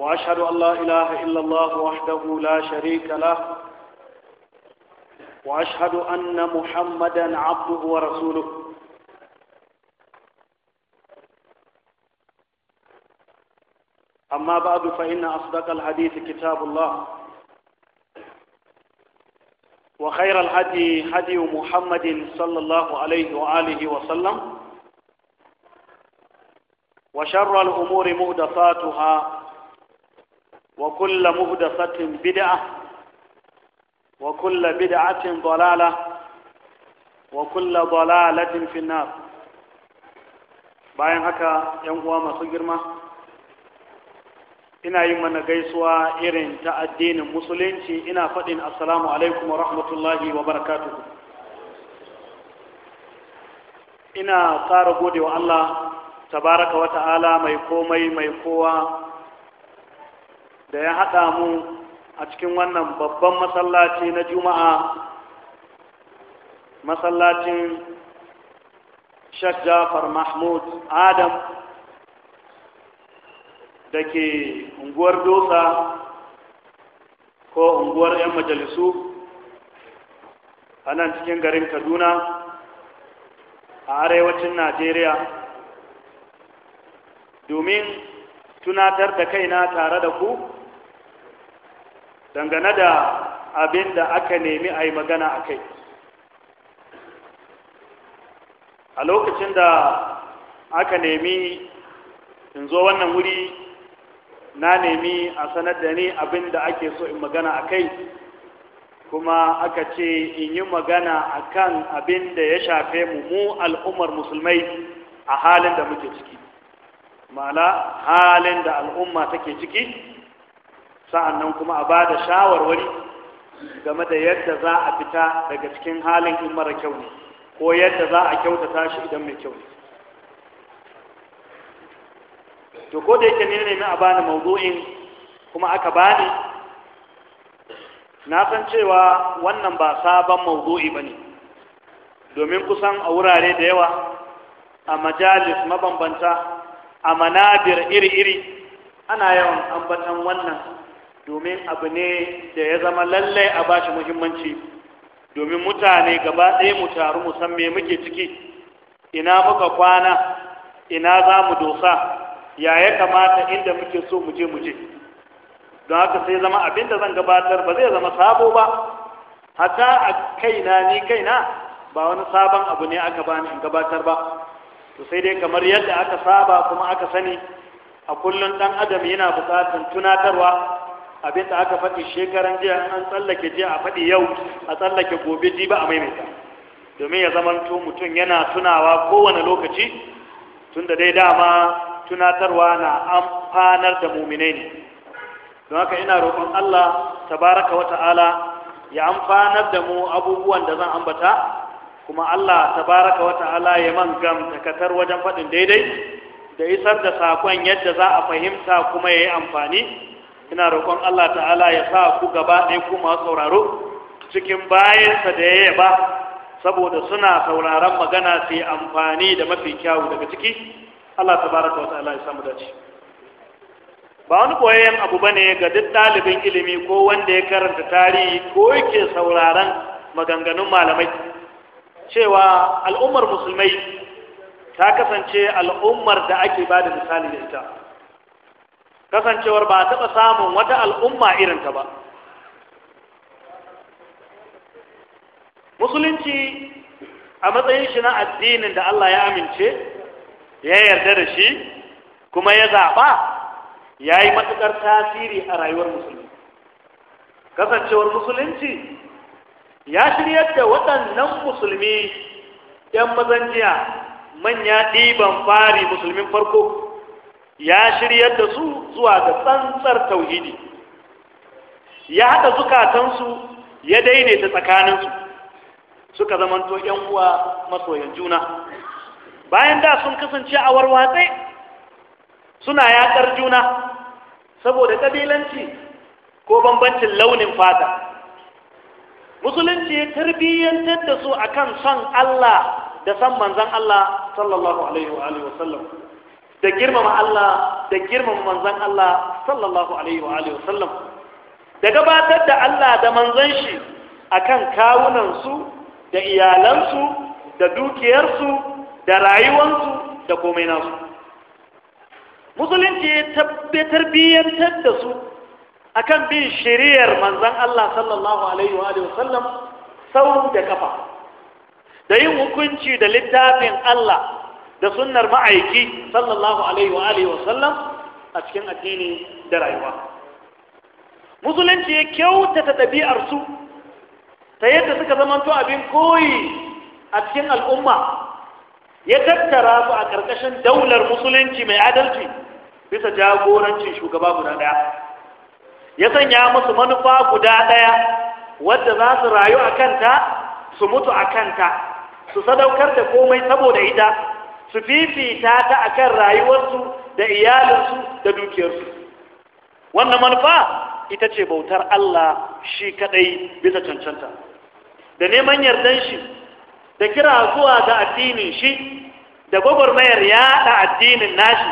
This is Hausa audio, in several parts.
وأشهد أن لا إله إلا الله وحده لا شريك له وأشهد أن محمدا عبده ورسوله أما بعد فإن أصدق الحديث كتاب الله وخير الهدي هدي محمد صلى الله عليه وآله وسلم وشر الأمور مهدفاتها وكل مهدفة بدعة وكل بدعة ضلالة وكل ضلالة في النار bayan haka yan uwa masu girma ina yi mana gaisuwa irin ta addinin musulunci ina faɗin assalamu alaikum wa rahmatullahi wa barakatuhu ina tsara gode wa Allah tabaraka wa ta'ala mai komai mai kowa da ya haɗa mu a cikin wannan babban masallaci na juma'a masallacin shajjafar Jafar Mahmud Adam da ke unguwar Dosa ko unguwar 'yan majalisu a nan cikin garin Kaduna a arewacin Najeriya domin tunatar da kaina tare da ku dangane da abin da aka nemi a yi magana a kai a lokacin da aka nemi in zo wannan wuri na nemi a sanar da ni abin da ake so in magana a kai kuma aka ce in yi magana a kan abin da ya shafe mu mu al'ummar musulmai a halin da muke ciki Mala halin da al'umma take ciki sa'annan kuma a ba da shawarwari game da yadda za a fita daga cikin halin in mara kyau ne ko yadda za a ta shi idan mai kyau ne to ko da yake ne nemi a bani mawdu'in kuma aka bani na san cewa wannan ba sabon mawdu'i bane domin kusan a wurare da yawa a majalis mabambanta a manabir iri-iri ana yawan ambatan wannan domin abu ne da ya zama lallai a bashi muhimmanci domin mutane gaba ɗaya mu taru mu san me muke ciki ina muka kwana ina za mu dosa ya ya kamata inda muke so mu je mu je don haka sai zama abin da zan gabatar ba zai zama sabo ba Hata a kaina ni kaina ba wani sabon abu ne aka bani in gabatar ba to sai dai kamar yadda aka saba kuma aka sani a kullum ɗan adam yana buƙatar tunatarwa abin da aka faɗi shekaran jiya an tsallake jiya a faɗi yau a tsallake gobe ji ba a maimaita domin ya zamanto mutum yana tunawa kowane lokaci tun da dai dama tunatarwa na amfanar da muminai ne don haka ina roƙon Allah tabaraka wa ta'ala ya amfanar da mu abubuwan da zan ambata kuma Allah tabaraka wa ta'ala ya man gam wajen faɗin daidai da isar da sakon yadda za a fahimta kuma ya yi amfani ina roƙon Allah ta'ala ya sa ku gaba ɗaya ku masu sauraro cikin bayansa da ya yaba saboda suna sauraron magana su yi amfani da mafi kyawu daga ciki Allah tabaraka wa ta'ala ya samu dace ba wani koyayyen abu bane ga duk ɗalibin ilimi ko wanda ya karanta tarihi ko yake sauraron maganganun malamai cewa al'ummar musulmai ta kasance al'ummar da ake ba da misali da ita kasancewar ba a taɓa samun wata al'umma irinta ba musulunci a matsayin shi na addinin da Allah ya amince ya yarda da shi kuma ya zaɓa ya yi matuƙar tasiri a rayuwar musulmi kasancewar musulunci ya shiryar da waɗannan musulmi ‘yan mazan manya ɗiban fari musulmin farko ya shiryar da su zuwa da tsantsar tauhidi ya haɗa zukatansu ya tsakanin tsakaninsu suka zamanto ‘yan uwa masoyan juna bayan da sun kasance a warwatsai suna yaƙar juna saboda ƙabilanci ko bambancin launin fata musulunci ya tarbiyyantar da su akan son Allah da san manzan Allah sallallahu alaihi wa sallam da girmama Allah da girmama manzon Allah sallallahu alaihi wa alihi wasallam da gabatar da Allah da manzan shi akan kawunansu, da iyalansu da dukiyarsu da rayuwansu da komai nasu musulunci ya tabbatar biyantar da su akan bin shiriyar manzon Allah sallallahu alaihi wa alihi wasallam sau da kafa da yin hukunci da littafin Allah da sunnar ma'aiki sallallahu alaihi wa alihi wa sallam a cikin addini da rayuwa musulunci ya kyautata ɗabi'arsu ta yadda suka zamanto abin koyi a cikin al'umma ya tattara su a ƙarƙashin daular musulunci mai adalci bisa jagorancin shugaba guda ɗaya ya sanya musu manufa guda ɗaya wadda za su rayu a kanta su mutu a kanta su sadaukar da komai saboda ita su fifita ta a kan rayuwarsu da iyalinsu da dukiyarsu wannan manufa ita ce bautar Allah shi kadai bisa cancanta da neman yardan shi da kira zuwa ga addinin shi da gwagwarmayar yaɗa addinin nashi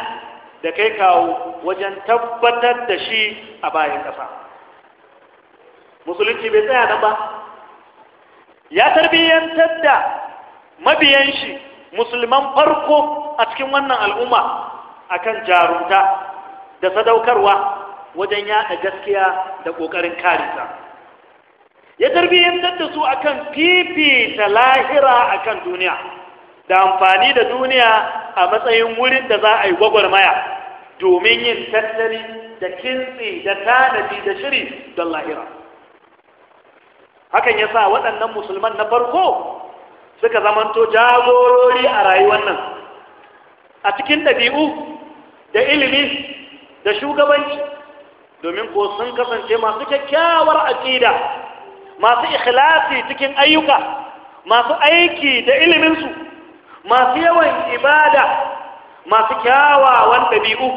da kai kawo wajen tabbatar da shi a bayan ƙasa musulunci bai tsaya nan ba ya tarbiyyantar da mabiyan shi musulman farko a cikin wannan al'umma akan jarunta da sadaukarwa wajen yaɗa gaskiya da ƙoƙarin karita ya tarbiyyantar da su akan fifita lahira akan duniya da amfani da duniya a matsayin wurin da za a yi gwagwarmaya domin yin tattali da kintsi da tanadi da shiri don lahira hakan ya sa waɗannan musulman na farko suka zamanto jagorori a rayuwar nan a cikin ɗabi'u da ilimi da shugabanci domin ko sun kasance masu kyakkyawar aƙida masu ikhlasi cikin ayyuka masu aiki da iliminsu masu yawan ibada masu kyawawan ɗabi'u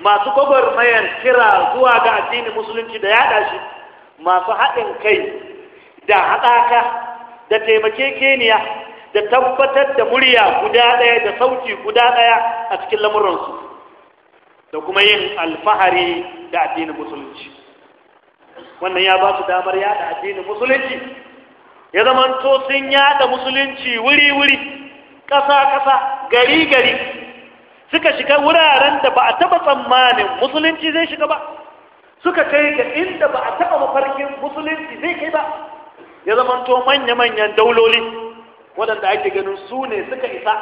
masu gwagwarmayan kira zuwa ga addinin musulunci da yaɗa shi masu haɗin kai da haɗaka da taimake keniya da tabbatar da murya guda ɗaya da sauti guda ɗaya a cikin lamuransu da kuma yin alfahari da addinin musulunci wannan ya ba su damar yada addinin musulunci ya zamanto sun yada musulunci wuri-wuri ƙasa-ƙasa gari-gari suka shiga wuraren da ba a taɓa tsammanin musulunci zai shiga ba suka kai ga inda ba a taɓa mafarkin musulunci zai kai ba ya zamanto manya-manyan dauloli waɗanda ake ganin su ne suka isa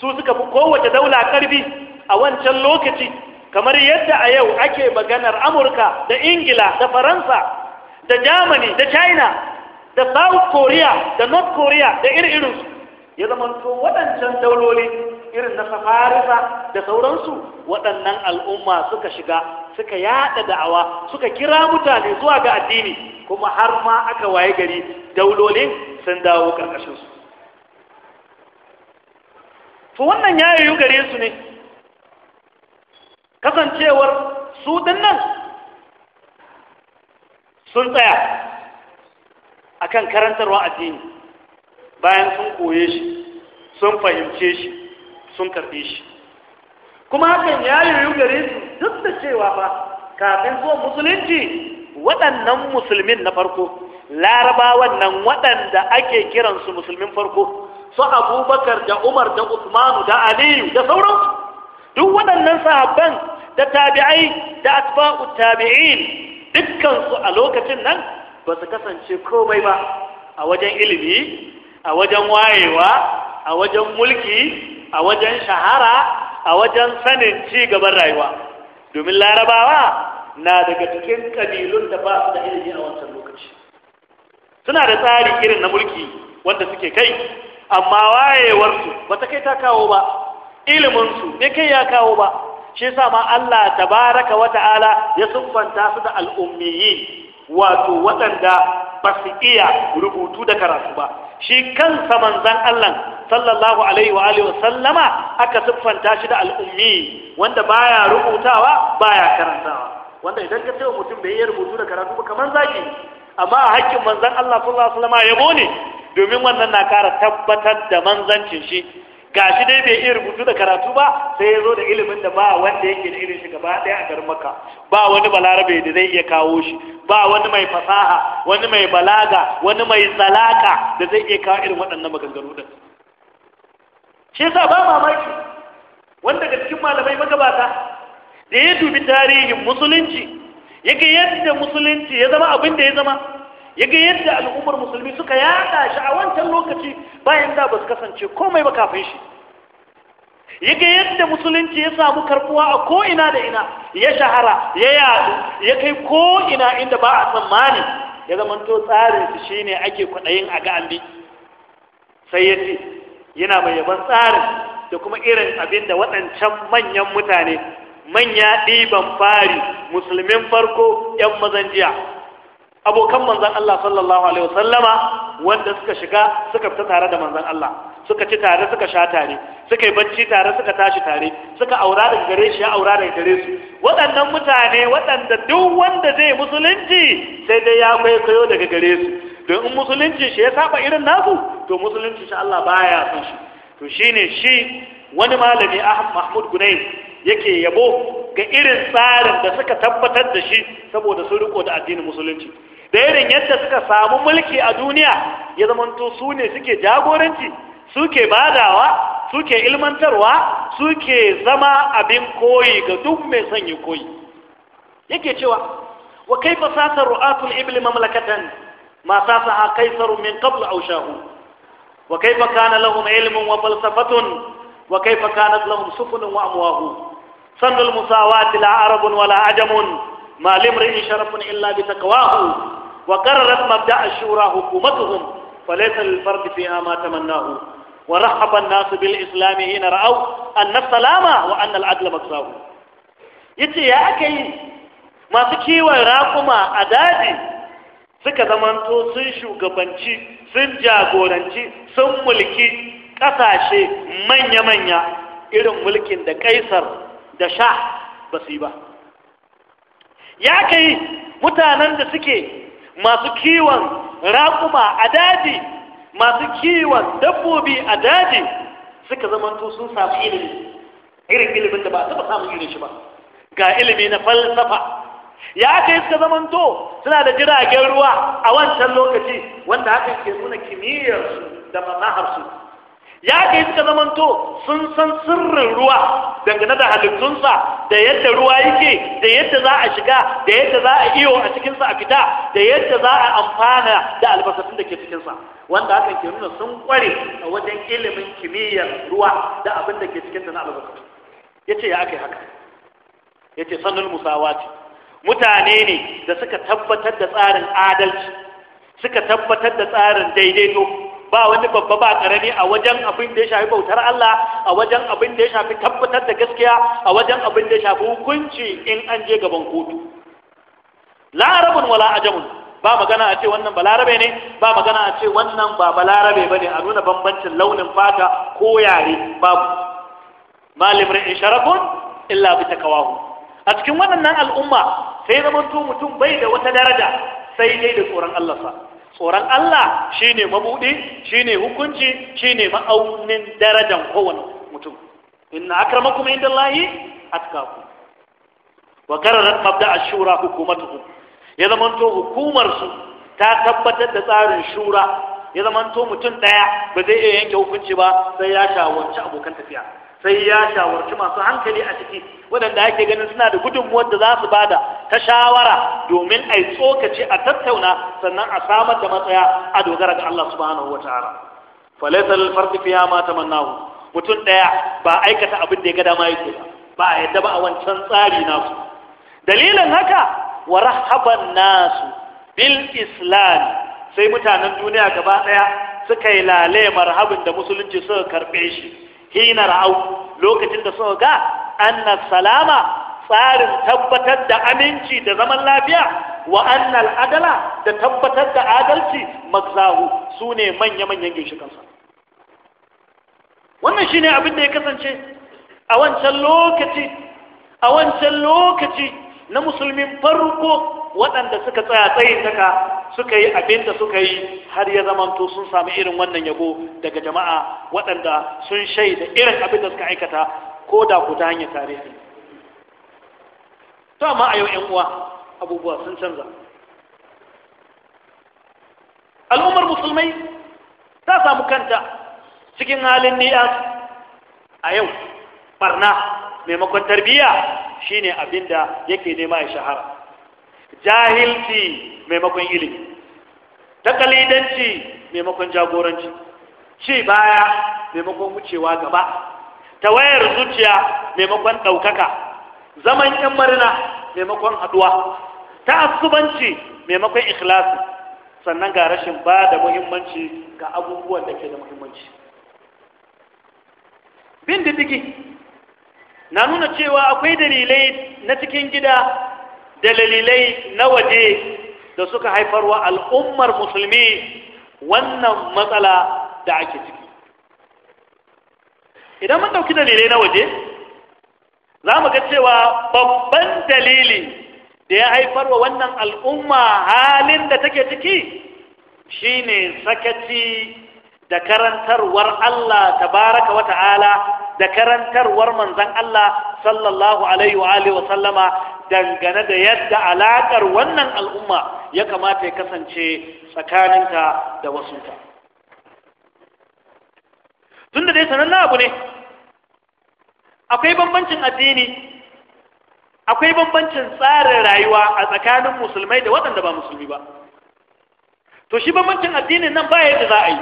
su suka fi kowace daula ƙarfi a wancan lokaci kamar yadda a yau ake maganar amurka da ingila da faransa da Jamani, da china da south korea da north korea da iri-irinsu ya zamanto waɗancan dauloli irin na safarisa da sauransu waɗannan al'umma suka shiga suka yada da'awa suka kira mutane zuwa ga addini kuma har ma aka waye gari daulolin sun dawo karkashin su to wannan ya yiwu gare su ne kasancewar su dinnan sun tsaya akan karantarwa addini bayan sun koye shi sun fahimce shi sun karbe shi kuma hakan ya yiwu gare su duk da cewa ba kafin zuwan musulunci waɗannan musulmin na farko Larabawa nan waɗanda ake kiransu musulmin farko su abubakar da umar da usmanu da aliyu da sauran duk waɗannan sahabban da tabi'ai da atba'u tabi'in dukkansu a lokacin nan ba su kasance komai ba a wajen ilimi a wajen wayewa a wajen mulki a wajen shahara a wajen sanin ci gaban rayuwa domin larabawa na daga cikin kabilun da ba su da ilimi a wancan lokaci suna da tsari irin na mulki wanda suke kai amma wayewarsu ba ta kai ta kawo ba iliminsu me kai ya kawo ba shi yasa ma Allah tabaraka wa ta'ala ya sunfanta su da al'ummiyi wato waɗanda ba su iya rubutu da karatu ba shi kansa manzon Allah sallallahu alaihi wa alihi sallama aka siffanta shi da al'ummi wanda baya rubutawa baya karantawa wanda idan ka ce mutum bai yi rubutu da karatu ba kamar zaki amma a hakkin manzon Allah sallallahu alaihi wa sallama yabo ne domin wannan na kara tabbatar da manzancin shi gashi dai bai iya rubutu da karatu ba sai ya zo da ilimin da ba wanda yake da irin shi gaba ɗaya a garin maka ba wani balarabe da zai iya kawo shi ba wani mai fasaha wani mai balaga wani mai zalaka da zai iya kawo irin waɗannan maganganu din shi yasa ba mamaki wanda daga cikin malamai magabata da ya dubi tarihin musulunci ya ga yadda musulunci ya zama abin da ya zama ya ga yadda al'ummar musulmi suka yada shi a wancan lokaci bayan da ba su kasance komai ba kafin shi ya ga yadda musulunci ya samu karbuwa a ko'ina da ina ya shahara ya yadu ya kai ko'ina inda ba a tsammani ya zamanto shi shine ake kwaɗayin a ga sai ya ce yana mai yaban tsarin da kuma irin abin da waɗancan manyan mutane manya ɗiban fari musulmin farko 'yan mazan jiya abokan manzan Allah sallallahu alaihi wasallama wanda suka shiga suka fita tare da manzan Allah suka ci tare suka sha tare suka yi bacci tare suka tashi tare suka aura daga gare shi ya aura daga gare su waɗannan mutane waɗanda duk wanda zai musulunci sai dai ya kwaikwayo daga gare su don in musulunci shi ya saba irin nasu to musulunci shi Allah baya son shi to shine shi wani malami Ahmad Mahmud Gunayn yake yabo ga irin tsarin da suka tabbatar da shi saboda sun riko da addinin musulunci da irin yadda suka samu mulki a duniya ya zamanto su ne suke jagoranci suke badawa suke ilmantarwa suke zama abin koyi ga duk mai son ya koyi yake cewa wa kai fasatar ru'atul ibli mamlakatan ما ساسها قيصر من قبل أوشاه وكيف كان لهم علم وفلسفة وكيف كانت لهم سفن وأمواه سن المساواة لا عرب ولا عجم ما لامرئ شرف إلا بتقواه وقررت مبدأ الشورى حكومتهم فليس للفرد فيها ما تمناه ورحب الناس بالإسلام حين رأوا أن السلام وأن العدل مكساه يتي يا أكي ما تكيوى راقما أدادي suka zamanto sun shugabanci sun jagoranci sun mulki ƙasashe manya-manya irin mulkin da kaisar da sha ba su yi ba ya kai mutanen da suke masu kiwon raƙuma a daji masu kiwon dabbobi a daji suka zamanto sun samu ilimi irin ilimin da ba taɓa samun ilimi shi ba ga ilimi na falsafa ya aka yi suka zamanto suna da jiragen ruwa a wancan lokaci wanda haka ke nuna kimiyyarsu da manaharsu ya aka yi suka zamanto sun san sirrin ruwa dangane da halittunsa da yadda ruwa yake da yadda za a shiga da yadda za a iyo a cikinsa a fita da yadda za a amfana da albasatun da ke cikinsa wanda haka ke nuna sun kware a wajen ilimin kimiyyar ruwa da abin da ke cikinsa na albasatun ya ce ya aka yi haka ya ce sannan musawa ce mutane ne da suka tabbatar da tsarin adalci suka tabbatar da tsarin daidaito ba wani babba ba karami a wajen abin da ya shafi bautar Allah a wajen abin da ya shafi tabbatar da gaskiya a wajen abin da ya shafi hukunci in an je gaban kotu larabun wala ajamun ba magana a ce wannan balarabe ne ba magana a ce wannan ba balarabe bane a nuna bambancin launin fata ko yare babu malim ra'in sharafun illa bi takawahu a cikin waɗannan al'umma sai zamanto mutum bai da wata daraja sai dai da tsoron Allah sa tsoron Allah shine mabudi shine hukunci shine ma'aunin darajan kowane mutum inna akramakum indallahi atqakum wa qararat mabda ash-shura hukumatuhum ya zamanto hukumar su ta tabbatar da tsarin shura ya zamanto mutum daya ba zai iya yanke hukunci ba sai ya shawarci abokan tafiya sai ya shawarci masu hankali a ciki waɗanda ake ganin suna da gudunmuwar da za su bada ta shawara domin a yi tsokaci a tattauna sannan a samar da matsaya a dogara ga Allah subhanahu wa ta'ala falaisa lalfarti fiya ma tamannahu mutum ɗaya ba aikata abin da ya ga dama yake ba ba a yadda ba a wancan tsari nasu dalilin haka wa rahaban nasu bil islam sai mutanen duniya gaba ɗaya suka yi lale marhabin da musulunci suka karɓe shi hina ra'au lokacin da suka ga anna salama tsarin tabbatar da aminci da zaman lafiya wa anna adala da tabbatar da adalci magzahu su ne manya-manyan ginshikansa wannan shine abin da ya kasance a wancan lokaci a wancan lokaci na musulmin farko waɗanda suka tsaya tsayin daga suka yi abin da suka yi har ya zamanto sun samu irin wannan yabo daga jama'a waɗanda sun shaida irin abinda suka aikata ko da ku ta hanyar tarihi to amma a yau ƴan uwa abubuwa sun canza al'ummar musulmai ta samu kanta cikin halin ni'a a yau barna maimakon tarbiyya shine abinda yake nema ya shahara jahilci maimakon ilimi ta takalidanci maimakon jagoranci ci baya maimakon wucewa gaba ta wayar zuciya maimakon ɗaukaka zaman yan marina maimakon haɗuwa ta asubanci maimakon ikhlasi sannan ga rashin ba da muhimmanci ga abubuwan da ke da muhimmanci bin diddigi na nuna cewa akwai dalilai na cikin gida da dalilai na waje da suka haifarwa al'ummar musulmi wannan matsala da ake ciki idan mun ɗauki dalilai na waje za mu ga cewa babban dalili da ya haifarwa wannan al'umma halin da take ciki shine sakaci da karantarwar Allah tabaraka wa ta'ala da karantarwar manzan Allah sallallahu alaihi wa sallama dangane da yadda alaƙar wannan al'umma ya kamata ya kasance tsakaninta da wasunta tun da dai sanannen abu ne akwai bambancin addini akwai bambancin tsarin rayuwa a tsakanin musulmai da waɗanda ba musulmi ba to shi bambancin addinin nan ba yadda za a yi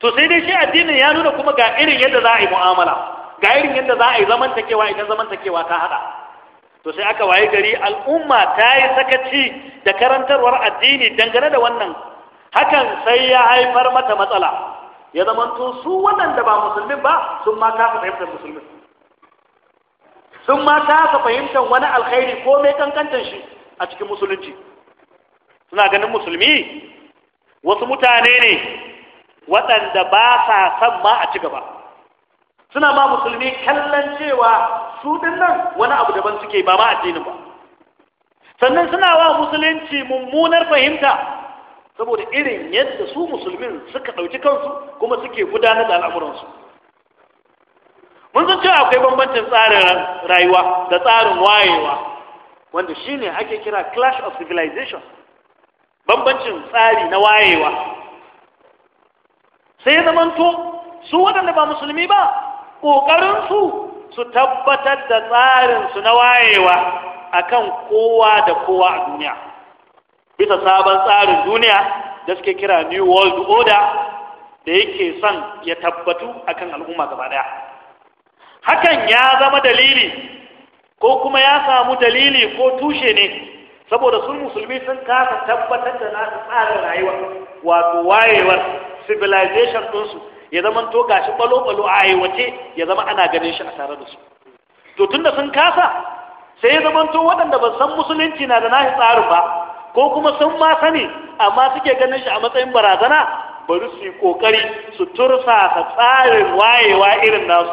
to sai dai shi addinin ya nuna kuma ga irin yadda za a yi mu'amala ga irin yadda za a yi zamantakewa idan zamantakewa ta haɗa to sai aka waye gari al'umma ta yi sakaci da karantarwar addini dangane da wannan hakan sai ya haifar mata matsala ya zamanto su waɗanda ba musulmin ba sun ma kasa fahimtar musulmin sun ma kasa fahimtar wani alkhairi ko mai kankantar shi a cikin musulunci suna ganin musulmi wasu mutane ne waɗanda ba sa son ma a ci gaba suna ma musulmi kallon cewa su dinnan wani abu daban suke ba ma addinin ba sannan suna wa musulunci mummunar fahimta saboda irin yadda su musulmin suka ɗauki kansu kuma suke gudanar da al'amuransu mun san cewa akwai bambancin tsarin rayuwa da tsarin wayewa wanda shine ake kira clash of civilization bambancin tsari na wayewa sai ya zamanto su waɗanda ba musulmi ba ƙoƙarinsu su tabbatar da tsarinsu na wayewa akan kowa da kowa a duniya bisa sabon tsarin duniya da suke kira new world order da yake son ya tabbatu akan al'umma gaba daya hakan ya zama dalili ko kuma ya samu dalili ko tushe ne saboda sun musulmi sun kasa tabbatar da nasu tsarin rayuwa wato wayewar civilization ɗinsu ya zama to gashi balo-balo a aiwace ya zama ana ganin shi a tare da su to da sun kasa sai ya zama to waɗanda ba san musulunci na da nashi tsarin ba ko kuma sun ma sani amma suke ganin shi a matsayin barazana bari su yi kokari su tursasa tsarin wayewa irin nasu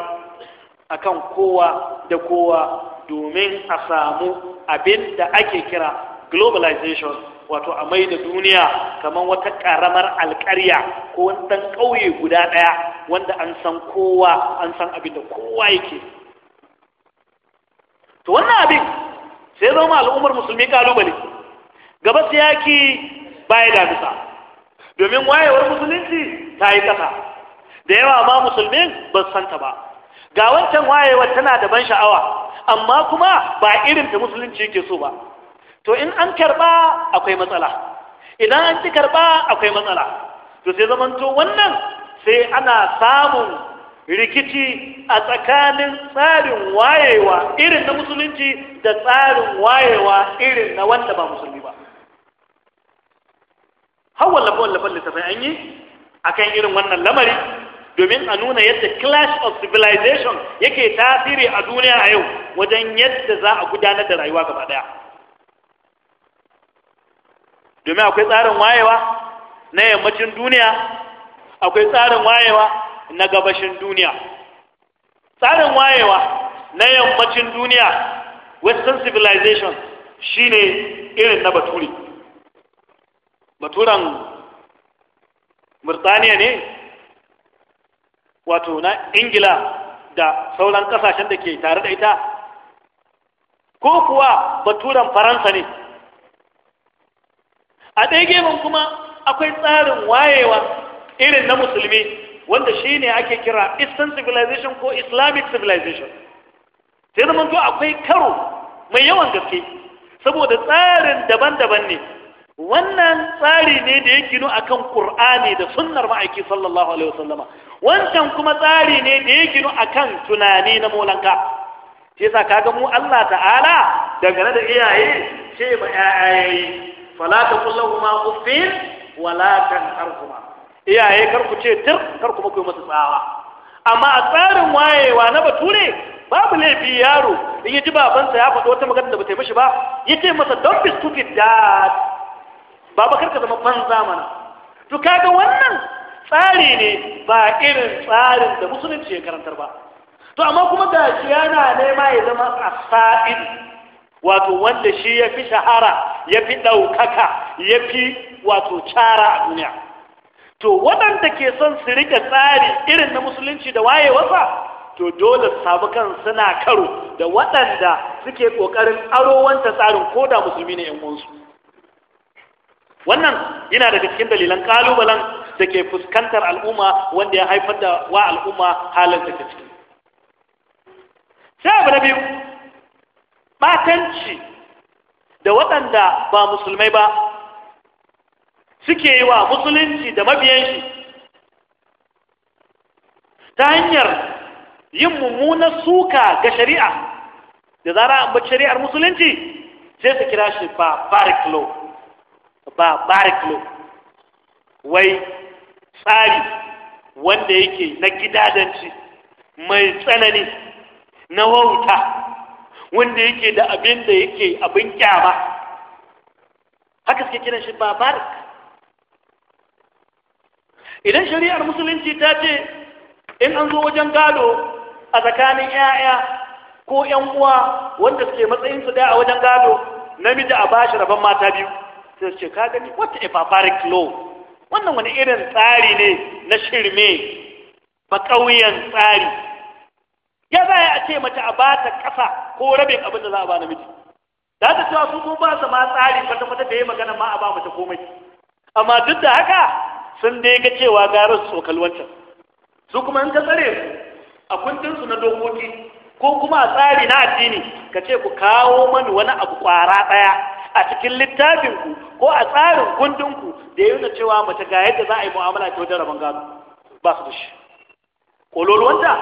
akan kowa da kowa domin a samu abin da ake kira globalization wato a mai da duniya kamar wata karamar alƙarya ko wani ƙauye guda ɗaya wanda an san kowa an san abin da kowa yake to wannan abin sai zama al'ummar musulmi kalubale gaba siyaki baya damisa domin wayewar musulunci ta yi ƙasa da yawa ma musulmin ba santa ba ga wancan wayewar tana da ban sha'awa amma kuma ba irin ta musulunci yake so ba to in an karɓa akwai matsala idan an ci karɓa akwai matsala to sai zamanto wannan sai ana samun rikici a tsakanin tsarin wayewa irin na musulunci da tsarin wayewa irin na wanda ba musulmi ba har wallafa wallafa littafai an yi a kan irin wannan lamari domin a nuna yadda clash of civilization yake tasiri a duniya a yau wajen yadda za a gudanar da rayuwa gaba daya domin akwai tsarin wayewa na yammacin duniya akwai tsarin wayewa na gabashin duniya tsarin wayewa na yammacin duniya western civilization shine irin na bature baturan murtaniya ne wato na ingila da sauran kasashen da ke tare da ita ko kuwa baturan faransa ne a ɗaya gefen kuma akwai tsarin wayewa irin na musulmi wanda shi ne ake kira eastern civilization ko islamic civilization sai zama to akwai karo mai yawan gaske saboda tsarin daban-daban ne wannan tsari ne da ya ginu akan ƙur'ani da sunnar ma'aiki sallallahu alaihi wasallama wancan kuma tsari ne da ya ginu akan tunani na molanka shi yasa kaga mu Allah ta'ala dangane da iyaye ce ma 'ya'yaye fala ta kullahuma uffin wala tanharhuma iyaye kar ku ce tir kar kuma ku masa tsawa amma a tsarin wayewa na bature babu laifi yaro in ya ji babansa ya faɗi wata magana da bata yi mishi ba ya ce masa don be stupid dad baba ka zama banza mana to kaga wannan tsari ne ba irin tsarin da musulunci ya karantar ba to amma kuma da shi yana nema ya zama a asa'id wato wanda shi ya fi shahara ya fi ɗaukaka ya fi wato cara a duniya to waɗanda ke son su rike tsari irin na musulunci da wasa to dole sabu kan suna karo da waɗanda suke ƙoƙarin aro wanta tsarin ko da musulmi ne yan uwansu wannan yana daga cikin dalilan ƙalubalen da ke fuskantar al'umma wanda ya haifar da wa al'umma halin da ta ciki sai abu na biyu batanci da waɗanda ba musulmai ba suke yi wa musulunci da mabiyan ta hanyar yin mummunar suka ga shari'a da zara an shari'ar musulunci sai su kira shi ba bariklo ba bariklo wai tsari wanda yake na gidadanci mai tsanani na wauta wanda yake da abin da yake abin kyama haka suke kiran shi babar? idan shari'ar musulunci ta ce in an zo wajen gado a tsakanin 'ya'ya ko 'yan uwa wanda suke matsayin su daya a wajen gado namiji a bashi rabon mata biyu sai su ce ka gani what a barbaric law wannan wani irin tsari ne na shirme ba ƙauyen tsari ya za a ce mace a ba ta ƙasa ko rabin abin da za a ba namiji da ta cewa su sun ba su ma tsari kwata kwata da ya magana ma a ba mace komai amma duk da haka sun dai ga cewa garin su tsokal wancan su kuma in ka tsare su a kundinsu na dokoki ko kuma a tsari na addini ka ce ku kawo mani wani abu kwara ɗaya a cikin littafinku ko a tsarin kundinku da ya nuna cewa mace ga yadda za a yi mu'amala ta wajen rabon gado ba su da shi kololuwanta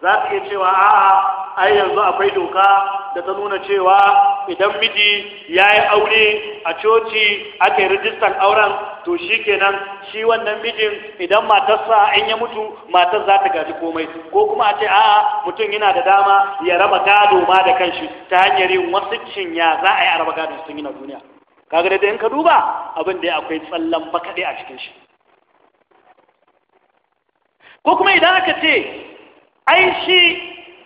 za ka iya cewa a'a a yanzu akwai doka da ta nuna cewa idan miji ya yi aure a coci a yi rijistar auren to shi kenan shi wannan mijin idan matarsa in ya mutu matar za ta gaji komai ko kuma a ce a'a mutum yana da dama ya raba gado ma da kanshi ta hanyar yin wasu cinya za a yi a raba gado sun yi na duniya kaga da in ka duba abin da akwai tsallan bakaɗe a cikin shi ko kuma idan aka ce ai shi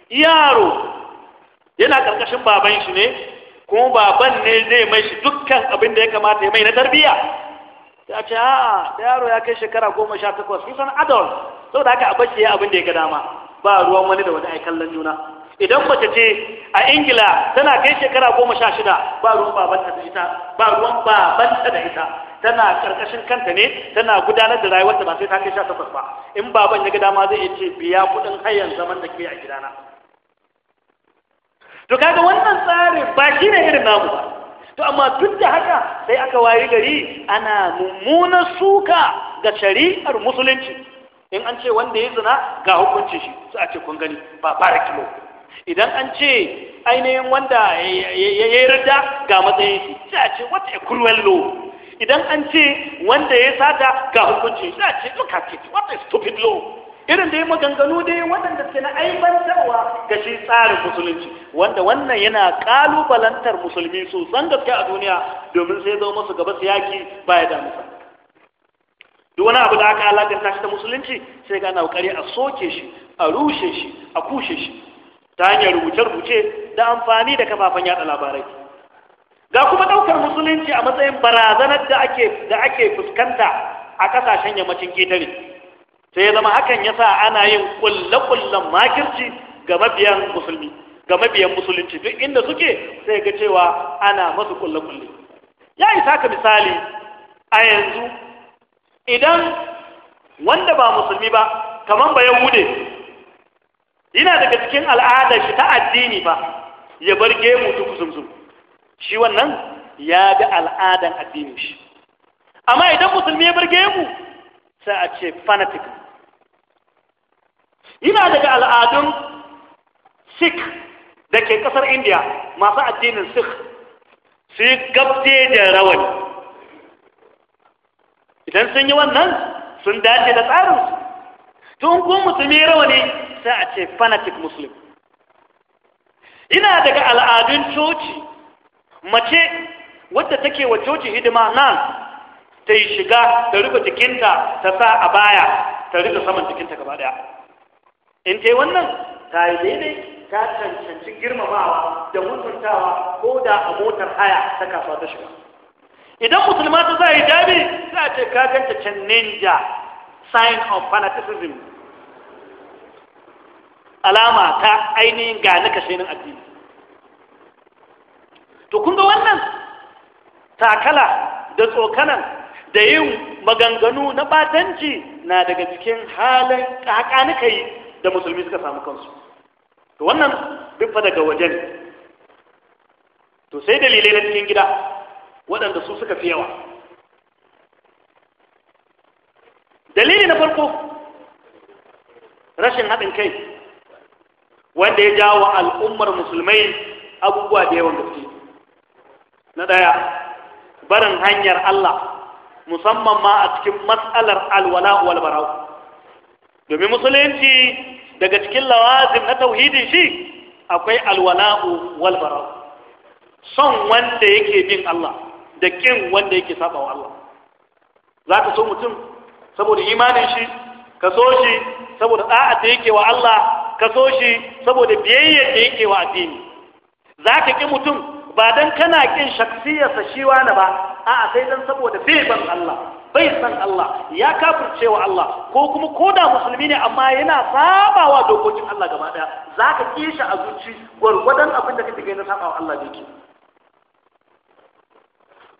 yaro yana ƙarƙashin baban shi ne kuma baban ne zai mai shi dukkan abin da ya kamata ya mai na tarbiyya ta ce a ah, da yaro ya kai shekara goma sha takwas kusan adult saboda haka a bace abin da ya ga dama ba ruwan wani da wani ai kallon juna idan mace ce a ingila tana kai shekara goma sha shida ba ruwan babanta da ita ba ruwan babanta da ita tana karkashin kanta ne tana gudanar da rayuwarta ba sai ta kai sha takwas ba in baban ya ga dama zai iya ce biya kuɗin hayan zaman da ke a gidana to kaga wannan tsarin ba shi ne irin namu ba to amma duk da haka sai aka wayi gari ana mummuna suka ga shari'ar musulunci in an ce wanda ya zina ga hukunci shi su a ce kun gani ba fara kilo idan an ce ainihin wanda ya yi rida ga matsayin shi sai a ce wata a cruel idan an ce wanda ya sata ga hukunci za ce look at what a stupid law irin da ya maganganu dai waɗanda suke na aibantarwa ga shi tsarin musulunci wanda wannan yana kalubalantar musulmi san gaske a duniya domin sai zo musu gaba su yaki baya damu sa duk wani abu da aka alakanta shi da musulunci sai ga na ƙari a soke shi a rushe shi a kushe shi ta hanyar rubuce-rubuce da amfani da kafafen yaɗa labarai ga kuma ɗaukar musulunci a matsayin barazanar da ake da ake fuskanta a ƙasashen yammacin ƙetare sai ya zama hakan yasa ana yin ƙulle-ƙullen makirci ga mabiyan musulmi ga mabiyan musulunci duk inda suke sai ga cewa ana masu ƙulle-ƙulle ya isa ka misali a yanzu idan wanda ba musulmi ba kamar ba yahude yana daga cikin al'adar shi ta addini ba ya bar gemu duk shi wannan ya ga al'adan addinin shi amma idan musulmi ya burge mu sai a ce fanatic Ina daga al'adun sikh da ke kasar india masu addinin sikh su yi gabte da rawani idan sun yi wannan sun dace da tsarinsu tun kun musulmi rawani sai a ce fanatic muslim ina daga al'adun coci mace wadda take wa coci hidima nan ta yi shiga ta rufe jikinta ta sa a baya ta rufe saman jikinta gaba daya in ta yi wannan ta yi daidai ta cancanci girmamawa da mutuntawa ko da a motar haya ta kasuwa ta shiga idan musulma ta za a yi dabi za a ce ka ganta can ninja sign of fanaticism alama ta ainihin ga na kashe addini to kun ga wannan takala da tsokanan da yin maganganu na batanci na daga cikin halin kakanikai yi da musulmi suka samu kansu to wannan duk fa daga wajen to sai dalilai na cikin gida waɗanda su suka fi yawa dalili na farko rashin haɗin kai wanda ya jawo al'ummar musulmai abubuwa da yawan gaske na ɗaya barin hanyar Allah musamman ma a cikin matsalar alwala wal barau domin musulunci daga cikin lawazim na tauhidi shi akwai alwala'u wal barau son wanda yake bin Allah da kin wanda yake saba wa Allah za ka so mutum saboda imanin shi ka so shi saboda da'a da yake wa Allah ka so shi saboda biyayyar da yake wa addini za ka ki mutum ba dan kana kin shaksiyarsa shi wani ba a'a sai dan saboda bai ban Allah bai san Allah ya kafirce wa Allah ko kuma koda musulmi ne amma yana sabawa dokokin Allah gaba ɗaya, za ka kishi a zuci gwargwadon abin da kake gani sabawa Allah da yake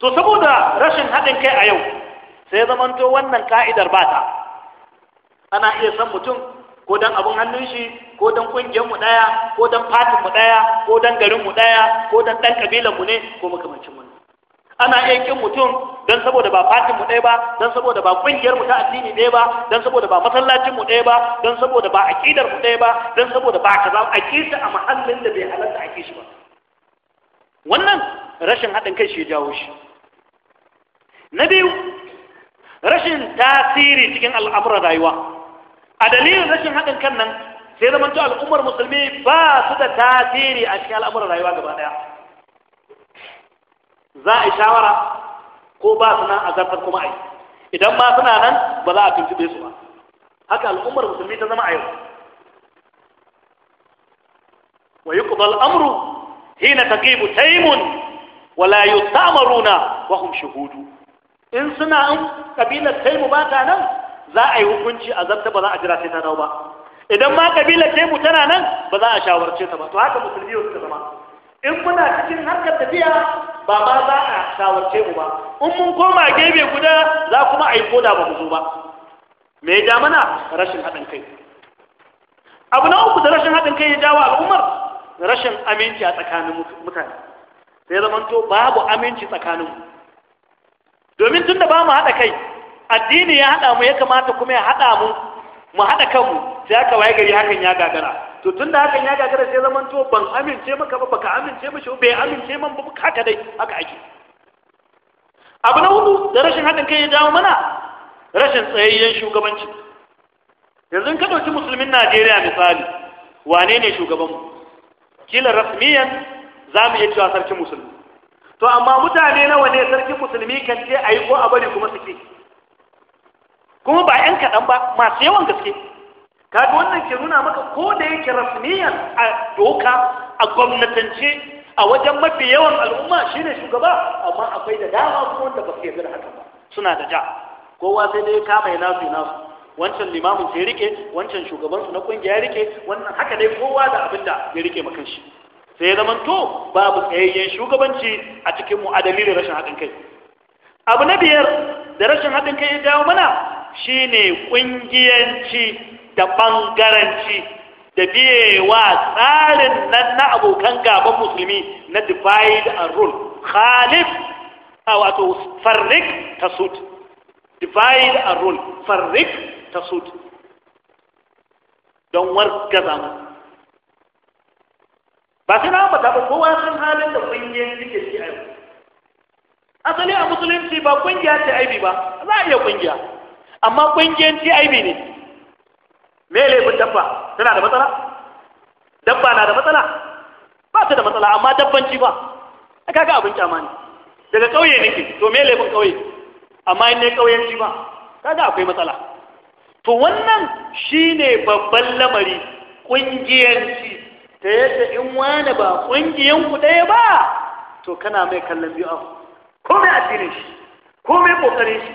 to saboda rashin haɗin kai a yau sai zamanto wannan ka'idar ba ta ana iya san mutum ko dan abun hannun shi ko dan kungiyar mu daya ko dan fatin mu daya ko dan garin mu daya ko dan dan kabilan mu ne ko makamancin mu ana iya mutum dan saboda ba fatin mu ɗaya ba dan saboda ba kungiyar mu ta addini ɗaya ba dan saboda ba masallacin mu ɗaya ba dan saboda ba aqidar mu ɗaya ba dan saboda ba kaza a kisa a muhallin da bai halatta ake shi ba wannan rashin haɗin kai shi ya jawo shi na biyu rashin tasiri cikin al'amuran rayuwa a dalilin rashin haɗin kan nan sai zamanto al'ummar musulmi ba su da tasiri a cikin al'amuran rayuwa gaba ɗaya za a yi shawara ko ba su nan a zartar kuma a yi idan ba suna nan ba za a tuntube su ba haka al'ummar musulmi ta zama a yau wa yuqda al-amru hina taqibu taymun wa la yutamaruna wa hum shuhudu in suna an kabilar taymu ba ta nan za a yi hukunci a zarta ba za a jira sai ta dawo ba idan ma kabila ce mu tana nan ba za a shawarce ta ba to haka musulmi suka zama in kuna cikin harkar tafiya ba ma za a shawarce mu ba in mun koma gefe guda za kuma a yi koda ba mu zo ba me ya ja mana rashin haɗin kai abu na uku da rashin haɗin kai ya jawo al'ummar rashin aminci a tsakanin mutane sai zamanto babu aminci tsakanin mu domin tun da ba mu haɗa kai addini ya haɗa mu ya kamata kuma ya haɗa mu mu haɗa kanmu sai aka waye gari hakan ya gagara to tun da hakan ya gagara sai zaman to ban amince maka ba baka amince shi bai amince man ba haka dai haka ake abu na hudu da rashin haɗin kai ya dawo mana rashin tsayayyen shugabanci yanzu ka ɗauki musulmin najeriya misali wane ne shugabanmu kila rasmiyan za mu iya cewa sarkin musulmi to amma mutane nawa ne sarkin musulmi kan ce a yi ko a bari kuma suke kuma ba yan kaɗan ba masu yawan gaske Kada wannan ke nuna maka ko da yake rasmiyar a doka a gwamnatance a wajen mafi yawan al'umma shine shugaba amma akwai da dama kuma wanda ba su yarda haka ba suna da ja kowa sai dai kama ya nasu nasu wancan limamin sai rike wancan shugabansu na ƙungiyar rike wannan haka dai kowa da abin da ya rike makan shi sai ya zama to babu tsayayyen shugabanci a cikin mu a dalilin rashin haɗin kai abu na biyar da rashin haɗin kai ya jawo mana shine ƙungiyanci da ɓangaranci da biye wa tsarin nan na abokan gaban musulmi na divide and rule khalif a wato farrik ta sud divide and rule farrik ta sud don gaza mu ba sai na ta ba kowa san halin da ƙungiyar suke shi a yau asali a musulunci ba ƙungiya ce aibi ba za a iya ƙungiya amma ƙungiyar aibi ne mele bin dabba tana da matsala dabba na da matsala ba ta da matsala amma dabbanci ba a kaga abin kyama ne daga ƙauye nake to mele bin ƙauye amma in ne ƙauyenci ba kaga akwai matsala to wannan shine babban lamari ƙungiyanci ta yadda in wani ba ƙungiyar ku ɗaya ba to kana mai kallon biyu abu ko mai asirin shi ko mai ƙoƙarin shi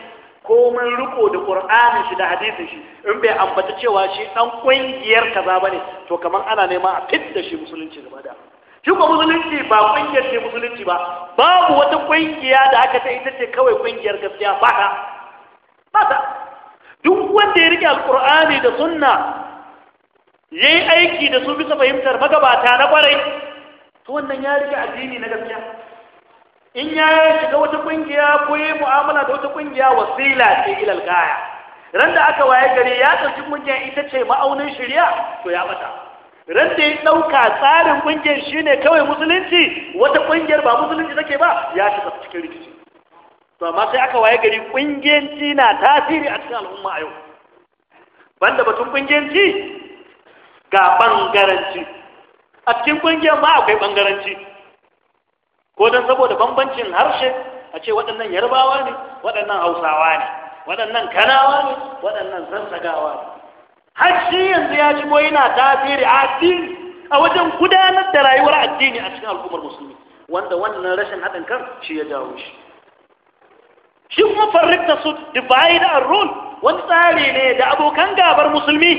komai riko da qur'anin shi da hadisin shi in bai ambata cewa shi dan kungiyar kaza bane to kamar ana nema a fitta shi musulunci gaba da shi ko musulunci ba kungiyar ce musulunci ba babu wata kungiya da aka ta ita ce kawai kungiyar gaskiya ba ta ba ta duk wanda ya rike alqur'ani da sunna yayi aiki da su bisa fahimtar magabata na kwarai to wannan ya rike addini na gaskiya in ya shiga wata kungiya ko yi mu'amala da wata kungiya wasila ce ilal gaya ran da aka waye gari ya tsarki kungiya ita ce ma'aunin shirya to ya bata ran da ya ɗauka tsarin kungiyar shine kawai musulunci wata kungiyar ba musulunci take ba ya shiga cikin rikici to amma sai aka waye gari kungiyanci na tasiri a cikin al'umma a yau banda batun kungiyanci ga bangaranci a cikin kungiyar ma akwai bangaranci ko don saboda bambancin harshe a ce waɗannan yarbawa ne waɗannan hausawa ne waɗannan kanawa ne waɗannan zazzagawa ne har yanzu ya ko yana tasiri a addini a wajen gudanar da rayuwar addini a cikin al'ummar musulmi wanda wannan rashin haɗin kan shi ya jawo shi shi kuma farrikta su divide and rule wani tsari ne da abokan gabar musulmi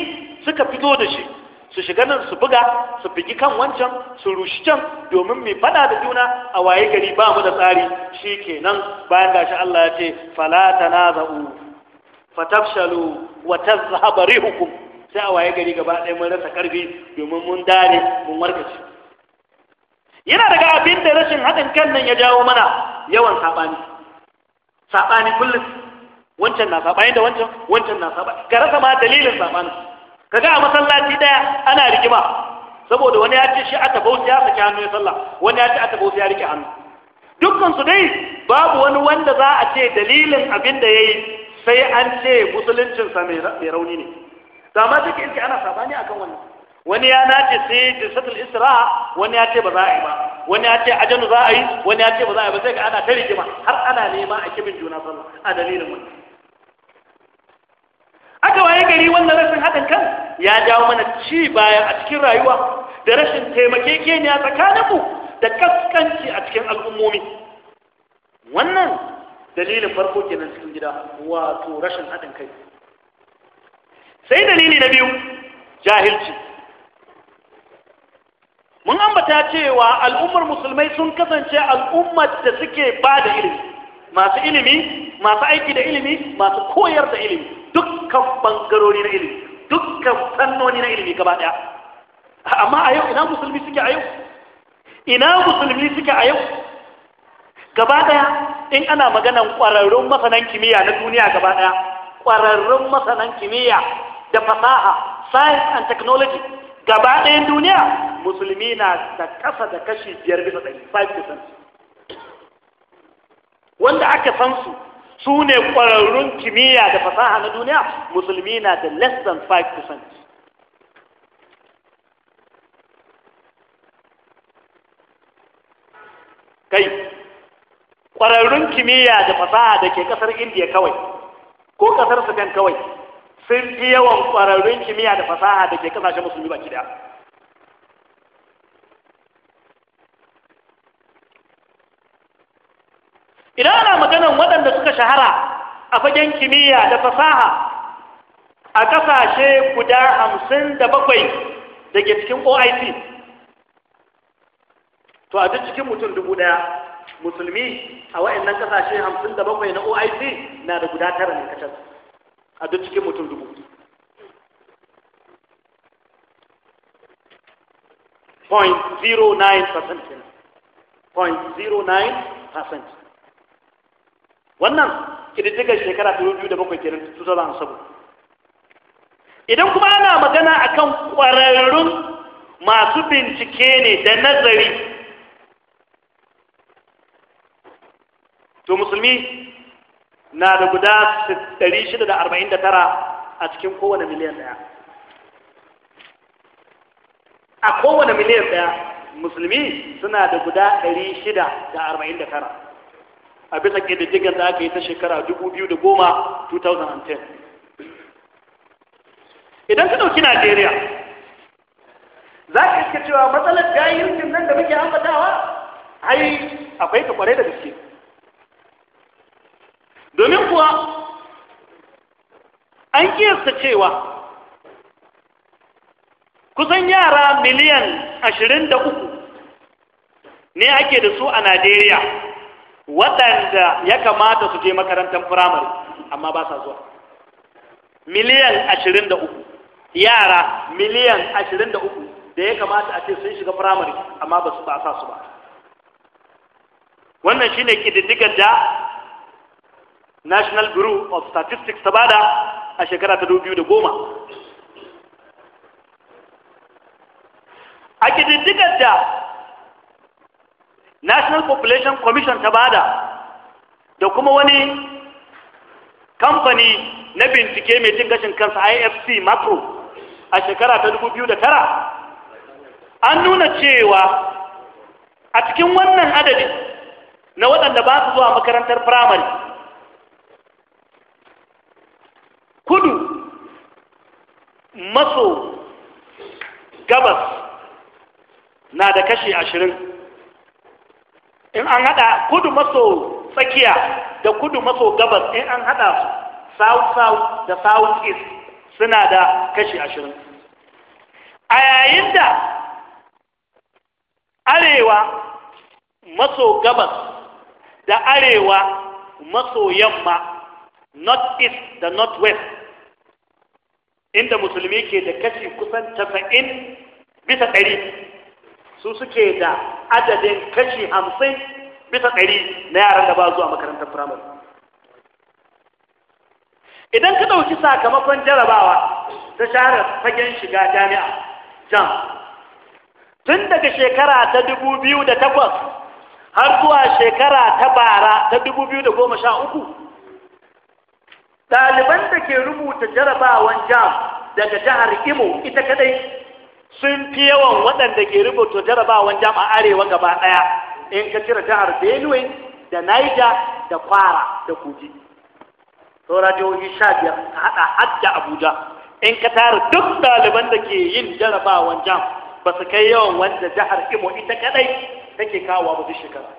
suka fito da shi su shiga nan su buga su figi kan wancan su rushi can domin mai fada da juna a waye gari ba mu da tsari shi ke nan, bayan gashi Allah ya ce fala tanaza'u fatafshalu wa tazhaba rihukum sai a waye gari gaba ɗaya mun rasa karfi domin mun dare mun warkace yana daga abin da rashin haɗin kan nan ya jawo mana yawan saɓani saɓani kullum wancan na saɓani da wancan wancan na saɓani ga rasa ma dalilin saɓanin kaga a masallaci daya ana rigima saboda wani ya ce shi a tabauta ya saki hannu ya sallah wani ya ce a tabauta ya rike hannu dukkan su dai babu wani wanda za a ce dalilin abin da yayi sai an ce musuluncin sa mai rauni ne to amma duk in ana sabani akan wannan wani ya nace sai da jisatul isra wani ya ce ba za a yi ba wani ya ce ajanu za a yi wani ya ce ba za a yi ba sai ka ana ta rigima har ana nema a kibin juna sallah a dalilin wannan haka waye gari wannan rashin haɗin kan ya jawo mana ci bayan a cikin rayuwa da rashin taimake-keniya tsakaninmu da kaskanci a cikin al'ummomi wannan dalilin farko kenan cikin gida wato rashin haɗin kai sai dalili na biyu jahilci mun ambata cewa al'ummar musulmai sun kasance al'ummar da suke ba da ilimi masu ilimi masu aiki da ilimi masu koyar da ilimi dukkan bangarori na ilimi dukkan fannoni na ilimi gaba daya amma a yau ina musulmi suke a yau ina musulmi suke a yau gaba daya in ana maganan kwararrun masanan kimiyya na duniya gaba daya kwararrun masanan kimiyya da fasaha science and technology gaba ɗayan duniya musulmi na da ƙasa da kashi biyar bisa ɗari 5% wanda aka san su su ne ƙwararrun kimiyya da fasaha na duniya musulmi na da less than 5% kai ƙwararrun kimiyya da fasaha da ke ƙasar indiya kawai ko ƙasar sudan kawai sun fi yawan ƙwararrun kimiyya da fasaha da ke ƙasashen musulmi baki daya idan ana maganan waɗanda suka shahara a fagen kimiyya da fasaha a ƙasashe guda hamsin da bakwai da ke cikin oic to a duk cikin mutum dubu ɗaya musulmi a wa'annan ƙasashe hamsin da bakwai na oic na da guda tara ne kacal a duk cikin mutum dubu point zero nine percent point zero nine percent wannan kididdigar shekara ta biyu da bakwai kenan tutar idan kuma ana magana akan ƙwararrun masu bincike ne da nazari to musulmi na da guda 649 a cikin kowane miliyan ɗaya a kowane miliyan ɗaya musulmi suna da guda 649 a bisa ƙididdigar da aka yi ta shekara 2010 2010 idan ka ɗauki najeriya za ka iske cewa matsalar jahilcin nan da muke ambatawa ai akwai ta kwarai da gaske domin kuwa an kiyasta cewa kusan yara miliyan 23 ne ake da su a najeriya waɗanda ya kamata su je makarantar firamare amma ba sa zuwa miliyan ashirin da uku yara miliyan ashirin da uku da ya kamata a ce sun shiga firamare amma ba su ba su ba wannan shine ƙididdigar da national bureau of statistics ta bada a shekara ta dubu da goma a ƙididdigar da national population commission ta bada da kuma wani kamfani na bincike mai cin gashin kansa ifc macro a shekara ta 2009 an nuna cewa a cikin wannan adadi na waɗanda ba su zuwa makarantar firamare kudu maso gabas na da kashi ashirin in an haɗa kudu maso tsakiya da kudu maso gabas in an haɗa su south south da south east suna da kashi ashirin a yayin da arewa maso gabas da arewa maso yamma north east da north west inda musulmi ke da kashi kusan casa'in bisa ɗari su suke da adadin kashi hamsin bisa ɗari na yaran da ba zuwa makarantar firamare idan ka ɗauki sakamakon jarabawa ta shahara fagen shiga jami'a jam tun daga shekara ta dubu biyu da takwas har zuwa shekara ta bara ta dubu biyu da goma sha uku ɗaliban da ke rubuta jarabawan jam daga jihar imo ita kadai sun fi yawan waɗanda ke rubuta jarabawan jama'a arewa gaba ɗaya in ka cire jihar benue da naija da kwara da kuji saura jihohi sha biyar ka haɗa da abuja in ka tara duk ɗaliban da ke yin jarabawan jam ba su kai yawan wanda jihar imo ita kaɗai take kawo ba duk shekara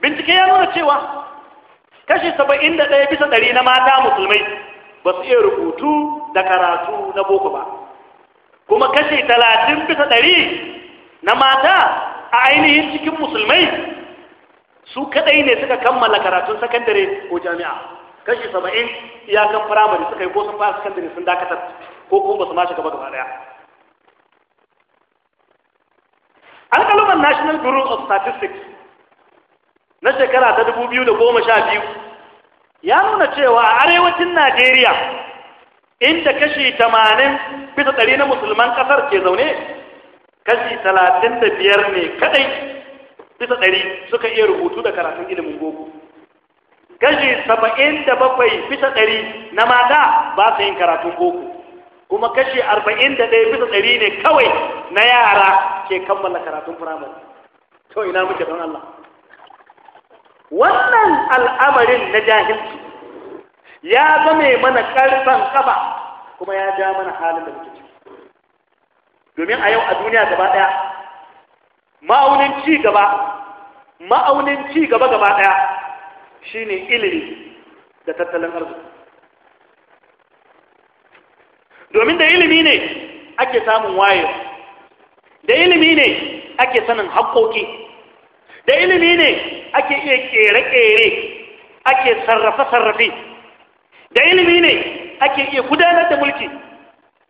bincike ya nuna cewa kashi saba'in da ɗaya bisa ɗari na mata musulmai ba su iya rubutu da karatu na boko ba kuma kashi talatin bisa ɗari na mata a ainihin cikin musulmai su kaɗai ne suka kammala karatun sakandare ko jami'a kashi saba'in iyakan firamare suka yi ko sun fara sakandare sun dakatar ko kuma ba su mashi gaba gaba ɗaya alƙaluman national bureau of statistics na shekara ta dubu biyu da goma sha biyu ya nuna cewa a arewacin najeriya inda kashi tamanin bisa ɗari na musulman ƙasar ke zaune kashi talatin da biyar ne kaɗai bisa ɗari suka iya rubutu da karatun ilimin boko kashi saba'in da bakwai bisa ɗari na mata ba su yin karatun boko kuma kashi arba'in da ɗaya bisa ɗari ne kawai na yara ke kammala karatun firamare to ina muke don Allah wannan al'amarin na jahilci ya zame mana ƙarfin ƙafa kuma ya ja mana halin da muke ciki domin a yau a duniya gaba ɗaya ma'aunin ci gaba ma'aunin ci gaba gaba ɗaya shine ilimi da tattalin arziki domin da ilimi ne ake samun wayo da ilimi ne ake sanin haƙoƙi da ilimi ne ake iya kere-kere ake sarrafe-sarrafe da ilimi ne ake iya gudanar da mulki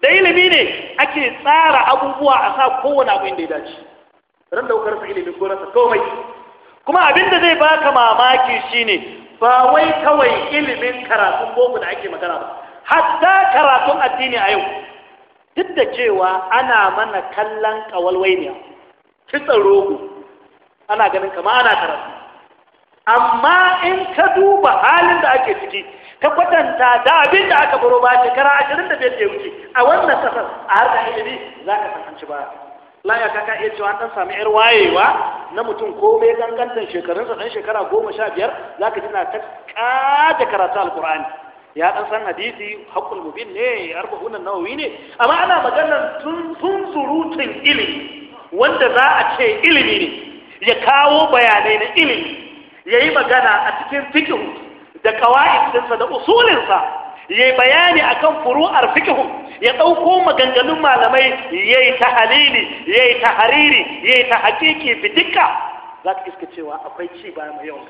da ilimi ne ake tsara abubuwa a sa kowane abu inda ya dace ran daukar sa ilimin ko komai kuma abin da zai baka mamaki shine ba wai kawai ilimin karatun boko da ake magana ba hatta karatun addini a yau duk da cewa ana mana kallon kawalwainiya kitsa rogo ana ganin kama ana karatu amma in ka duba halin da ake ciki ka kwatanta da abin da aka baro ba shekara ashirin da biyar da ya wuce a wannan kasar a harkar ilimi za ka san ci ba laya ka iya cewa an sami yar wayewa na mutum komai gangantan shekarunsa ɗan shekara goma sha biyar za ka ji ta ƙaja karatu alkur'ani ya dan san hadisi hakul mubin ne arba'un nawawi ne amma ana maganar tun surutun ilimi wanda za a ce ilimi ne ya kawo bayanai na ilimi ya yi magana a cikin fikihu da sa da usulinsa ya yi bayani a kan furu'ar fikihu ya ɗauko maganganun malamai ya yi ta halili ya yi ta hariri ya yi ta hakiki dukka za ka iska cewa akwai ci ba mai yawan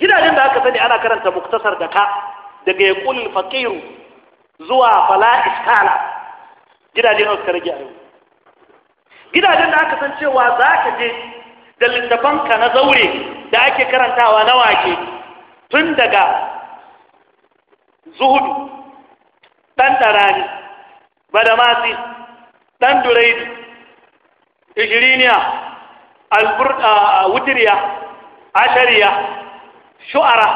gidajen da aka sani ana karanta muktasar da ka daga ya kulil fakiru zuwa fala iskala gidajen da suka rage a yau gidajen da aka san cewa za ka je da littafanka na zaure da ake karantawa na wake tun daga zuhudu ɗan ɗarani badamasi ɗan duraidu igiriniya wutiriya ashariya shu'ara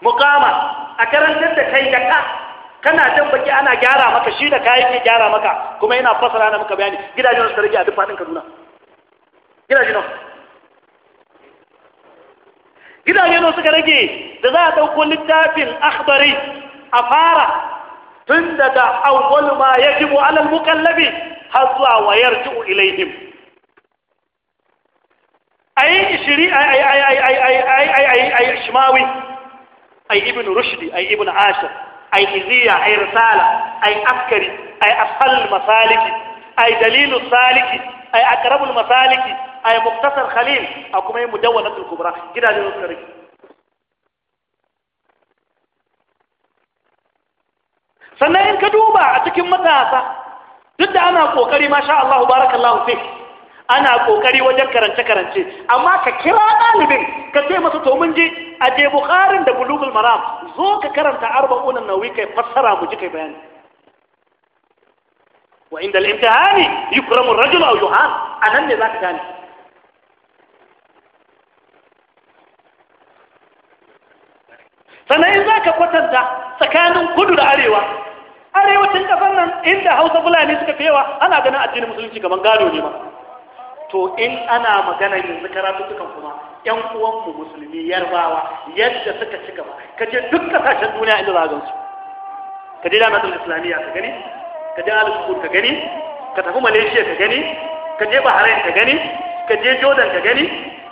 mukama a karantar da kai da ka kana jan baki ana gyara maka shi da kayan ke gyara maka kuma yana fasara na maka bayani gidajen su rage a duk fadin kaduna gidajen nan gidajen nan suka rage da za a dauko littafin akhbari a fara tun daga awwal ma yajibu alal mukallabi har zuwa wa yarju ilaihim ay shiri ay ay ay ay ay ay ay ay shimawi ay ibn rushdi ay ibn ashir ai iziya ai risala ai askari ai asal masaliki ai dalilu saliki ai akrabul masaliki ai muktasar khalil a kuma yi mudawwanatul kubra gidajen suka rike sannan in ka duba a cikin matasa duk da ana kokari masha Allah barakallahu fik ana kokari wajen karance-karance amma ka kira ɗalibin ka ce masa to mun je a je bukharin da bulugul maram zo ka karanta arba'unan nawi kai fassara mu ji kai bayani wa inda al-imtihani yukramu ar-rajulu aw yuhan anan ne zaka gane sannan in zaka kwatanta tsakanin kudu da arewa arewacin kasar nan inda hausa fulani suka fi yawa ana ganin addinin musulunci kamar gado ne ma to in ana magana yanzu karatu sukan kuma yan uwanmu musulmi yarbawa yadda suka ci gaba ka ce duk kasashen duniya inda za a gansu ka je jami'atul islamiyya ka gani ka je al ka gani ka tafi malaysia ka gani ka je bahrain ka gani ka je jordan ka gani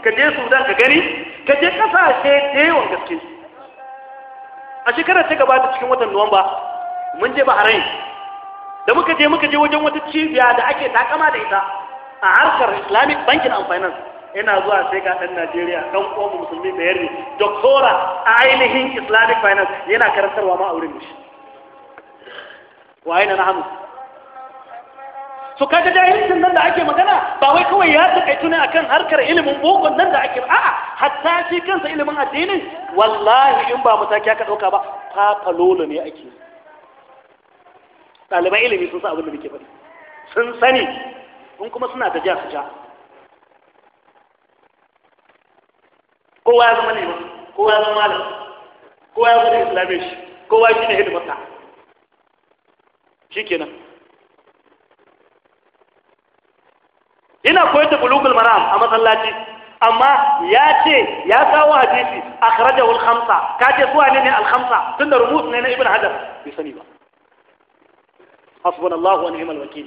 ka je sudan ka gani ka je kasashe da yawan gaske a shekarar ta gabata cikin watan nuwamba mun je bahrain da muka je muka je wajen wata cibiya da ake takama da ita a harkar islamic banking and finance ina zuwa sai ga dan najeriya dan ƙoma musulmi da yarda doktora a ainihin islamic finance yana karantarwa ma auren shi wa na hannu su kaga jahilcin nan da ake magana ba wai kawai ya takaitu ne akan harkar ilimin bokon nan da ake a'a hatta shi kansa ilimin addinin wallahi in ba mataki aka dauka ba Lolo ne ake ɗaliban ilimi sun san abin da muke faɗi sun sani in kuma suna da ja su ja kowa ya zama neman kowa ya zama malam kowa ya zama da islamic kowa shi ne hidimarsa shi ina koyar da bulugul maram a masallaci amma ya ce ya kawo hadisi akhrajahu al-khamsa ka ce su ne ne al-khamsa tunda rumus ne na ibn hadar bai sani ba hasbunallahu wa ni'mal wakil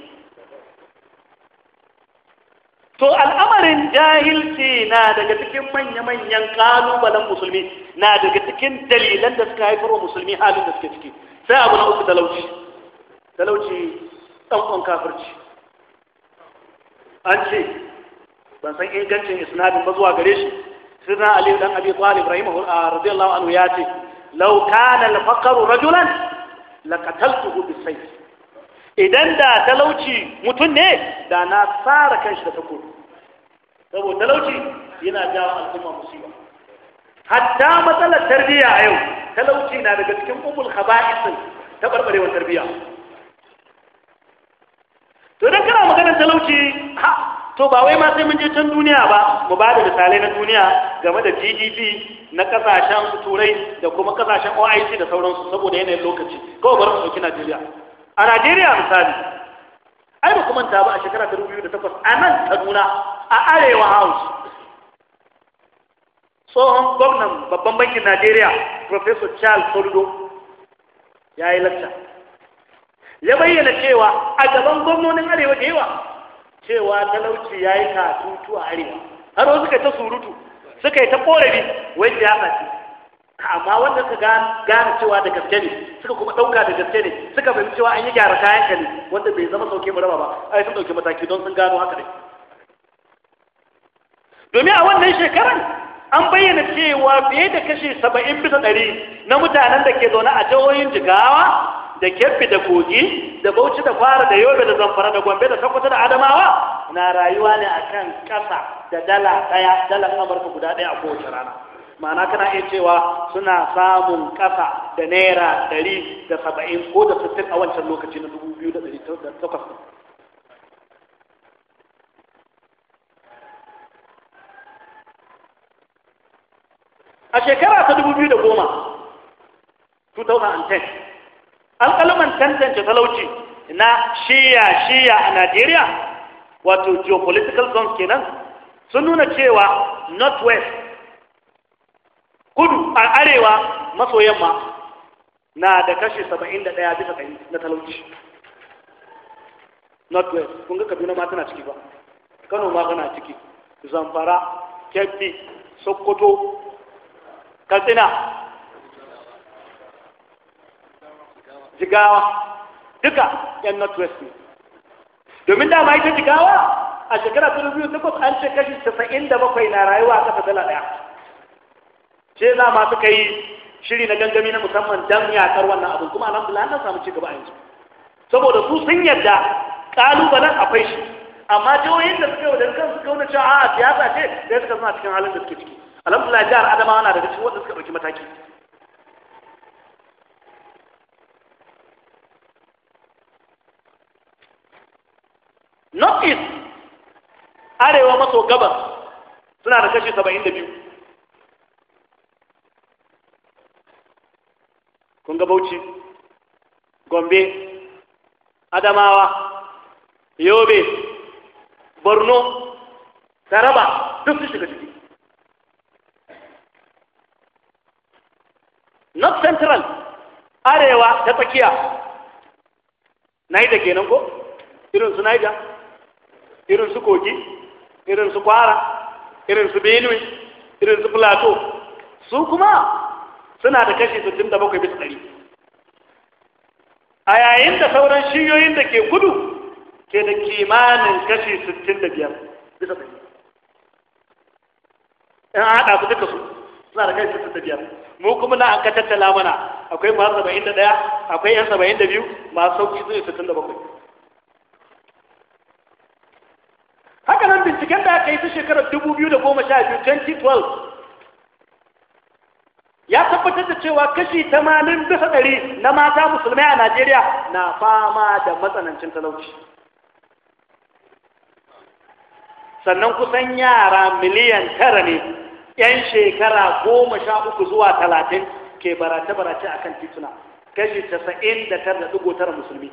to al'amarin jahilci na daga cikin manya-manyan kalubalen musulmi na daga cikin dalilan da suka haifar wa musulmi halin da suke ciki sai abu na uku talauci talauci ɗan'on kafirci an ce ban san ingancin isnadin ba zuwa gare shi sirna aliyu dan abi ibrahim a radiyallahu anhu ya ce law kana al-faqru rajulan laqataltuhu tuhu sayf idan da talauci mutum ne da na tsara kanshi da tako, saboda talauci yana jawo al'umma musiba hatta matsalar tarbiyya a yau talauci na daga cikin umul khaba'isin ta barbarewar tarbiyya to dan kana maganar talauci ha to ba wai ma sai mun je can duniya ba mu ba da misalai na duniya game da GDP na kasashen turai da kuma kasashen OIC da sauransu saboda yanayin lokaci kawai bari mu ɗauki Najeriya a Najeriya misali ai ba kuma ta ba a shekara ta 2008 a nan Kaduna a Arewa House tsohon gwamnan babban bankin Najeriya Professor Charles Soludo ya yi lacca ya bayyana cewa a gaban gwamnonin Arewa da yawa cewa talauci ya yi katutu a Arewa har wasu suka ta surutu suka yi ta korafi wanda ya faci amma wanda ka gane cewa da gaske ne suka kuma ɗauka da gaske ne suka fahimci cewa an yi gyara kayan ka wanda bai zama sauke mu raba ba ai sun ɗauki mataki don sun gano haka ne domin a wannan shekarar an bayyana cewa fiye da kashi saba'in bisa ɗari na mutanen da ke zaune a jihohin jigawa da kebbi da kogi da bauchi da fara da yobe da zamfara da gombe da sokoto da adamawa na rayuwa ne akan kasa da dala ɗaya dalar amurka guda ɗaya a kowace rana ma'ana kana iya cewa suna samun ƙasa da naira ɗari da saba'in ko da sittin a wancan lokaci na dubu biyu da ɗari takwas a shekara ta dubu biyu da goma 2010 alƙaluman tantance talauci na shiya-shiya a najeriya wato geopolitical zones kenan sun nuna cewa northwest kudu a arewa maso yamma na da kashi 71 bisa ɗari na talauci northwest kun ga kaduna ma tana ciki ba kano ma tana ciki zamfara kebbi sokoto katsina jigawa duka yan northwest ne domin dama ita jigawa a shekara 2008 an ce kashi 97 na rayuwa a kasa dala ɗaya ce za ma suka yi shiri na gangami na musamman don yakar wannan abin kuma alhamdulillah an samu cigaba a yanzu saboda su sun yadda kalubalen akwai shi amma jihohin da suka yi wajen kansu kauna cewa a siyasa ce sai suka zama cikin halin da suke ciki alhamdulillah jihar adamawa na daga cikin wanda suka ɗauki mataki north east arewa maso gabas suna da kashi 72 kun ga bauchi gombe adamawa yobe borno taraba duk su shiga ciki north central arewa ta tsakiya naija kenan ko irin su naija irin su kogi irin su kwara irin su benue irin su plateau su kuma suna da kashi 67 bisa ɗari a yayin da sauran shiyoyin da ke gudu ke da kimanin kashi 65 bisa ɗari in haɗa su duka su suna da kashi 65 mu kuma na an ka tattala mana akwai masu 71 akwai 'yan 72 masu sauƙi su ne 67 haka nan binciken da aka yi ta shekarar 2012 2012 tabbatar da cewa kashi tamanin bisa ɗari na mata musulmai a Najeriya na fama da matsanancin talauci. Sannan kusan yara miliyan tara ne ‘yan shekara goma sha uku zuwa talatin ke barace-barace a kan tituna, kashi casa'in da tara da tara musulmi.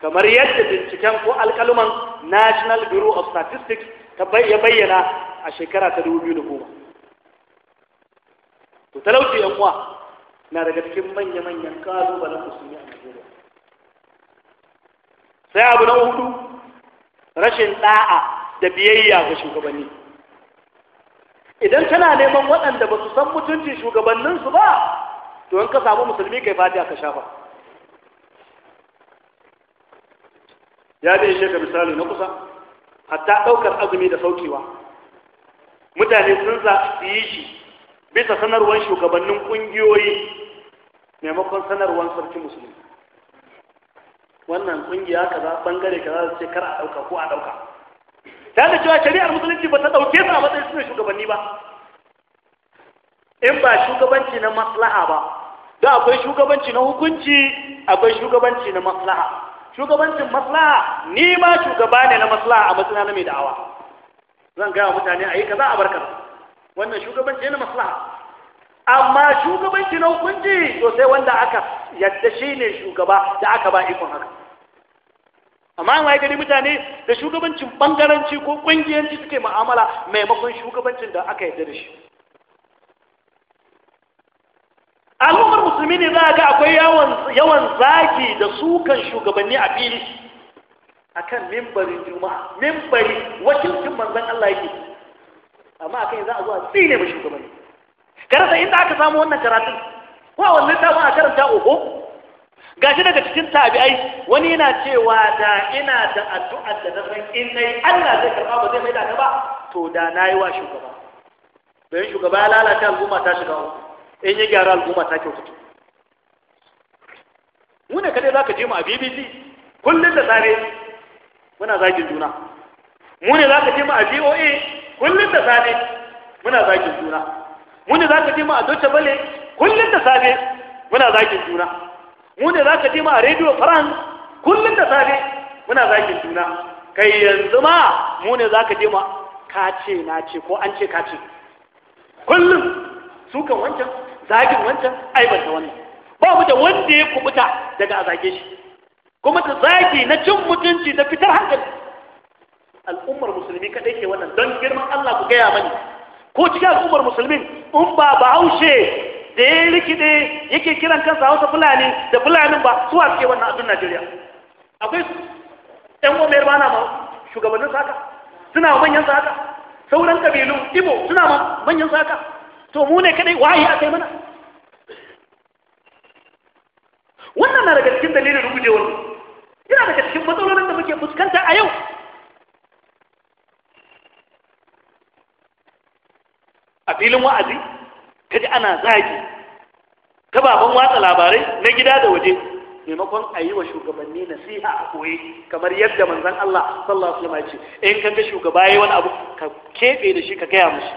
Kamar yadda binciken ko alkaluman National Bureau of Statistics ya bayyana a shekara ta dubu biyu da goma. to talauci yan uwa na daga cikin manya-manyan kalubalen musulmi a Najeriya sai abu na hudu rashin da'a da biyayya ga shugabanni idan kana neman waɗanda ba su san mutuncin shugabanninsu ba to in ka samu musulmi kai Fati a ka shafa ya dai ka misali na kusa hatta ɗaukar azumi da saukewa mutane sun za su yi shi bisa sanarwar shugabannin kungiyoyi maimakon sanarwar sarki musulmi wannan kungiya kaza bangare kaza ce kar a dauka ko a dauka ta da cewa shari'ar musulunci ba ta dauke su a matsayin su shugabanni ba in ba shugabanci na maslaha ba da akwai shugabanci na hukunci akwai shugabanci na maslaha shugabancin maslaha ni ma shugaba ne na maslaha a matsayina na mai da'awa zan gaya mutane a yi kaza a bar wannan shugabanci ne maslaha amma shugabanci na hukunci to sai wanda aka yadda shi ne shugaba da aka ba ikon haka amma an gari mutane da shugabancin bangaranci ko kungiyanci suke mu'amala maimakon shugabancin da aka yadda da shi al'ummar musulmi ne za a ga akwai yawan zaki da sukan shugabanni a fili akan mimbarin juma'a mimbari wakilcin manzon Allah yake amma a kan za a zuwa a tsine ma shugabanni karanta inda aka samu wannan karatun ko a wannan tabon a karanta oho gashi daga cikin tabi'ai wani yana cewa da ina da addu'ar da na san in nayi Allah zai karba ba zai mai da ba to da nayi wa shugaba bayan shugaba ya lalata al'umma ta shiga uku in ya gyara al'umma ta kyautu mu ne kadai zaka je mu a BBC kullun da sare muna zagin juna mu ne zaka je mu a BOA kullum da safe muna zakin juna mu ne za ka ji mu a doce bale kullum da safe muna zakin juna mu ne za ka ji mu a rediyo faran kullum da safe muna zakin juna kai yanzu ma mu ne za ka ji mu ka ce na ce ko an ce ka ce kullum sukan wancan zagin wancan aibanta wannan ba mu da wanda ya kubuta daga a zage shi kuma ta zagi na cin mutunci da fitar hankali al'ummar musulmi kaɗai ke wannan don girman Allah ku gaya mani ko cikin al'ummar musulmin in ba bahaushe da ya rikide yake kiran kansa hausa fulani da fulanin ba suwa suke wannan abin Najeriya akwai yan umayar bana ma shugabannin saka suna manyan saka sauran kabilu ibo suna ma manyan saka to mu ne kaɗai wahayi a kai mana wannan na daga cikin dalilin wani. yana daga cikin matsalolin da muke fuskanta a yau a filin wa'azi ka ji ana zagi ta baban watsa labarai na gida da waje maimakon a yi wa shugabanni nasiha a koye kamar yadda manzan Allah sallallahu alaihi wasallam ya ce in ka ga shugaba yayi wani abu ka keɓe da shi ka gaya mushi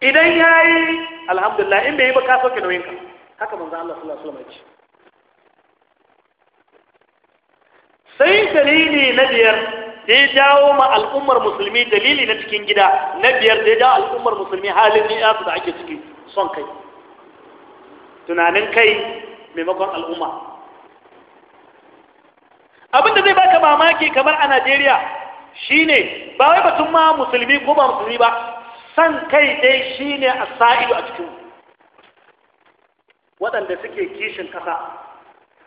idan yayi alhamdulillah in bai yi ba ka sauke nauyin ka haka manzan Allah sallallahu alaihi wasallam ya ce sai dalili na biyar da jawo ma al'ummar musulmi dalili na cikin gida na biyar da ya dawo al'ummar musulmi halin ni'asu da ake ciki son kai tunanin kai maimakon al'umma abinda zai baka mamaki kamar a najeriya shine ba wai batun ma musulmi ko ba musulmi ba son kai dai shine a sa'idu a cikin waɗanda suke kishin ƙasa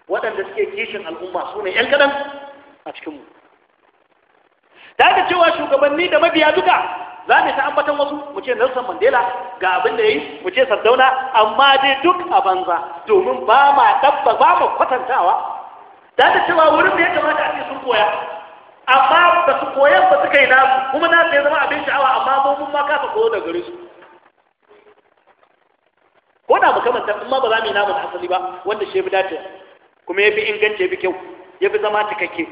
waɗanda suke kishin al'umma su ne 'yan kaɗan a cikinmu da cewa shugabanni da mabiya duka za mu ta ambatan wasu mu ce Nelson Mandela ga abin da yayi mu ce Sardauna amma dai duk a banza domin ba ma dabba ba mu kwatantawa cewa wurin da ya kamata a ce sun koya amma ba su koyan ba suka yi nasu kuma nasu ya zama abin sha'awa amma mu mun ma kafa koyo da gare su ko da mu kamanta in ma ba za mu yi namu asali ba wanda shi ya fi dace kuma ya fi inganci ya fi kyau ya fi zama cikakke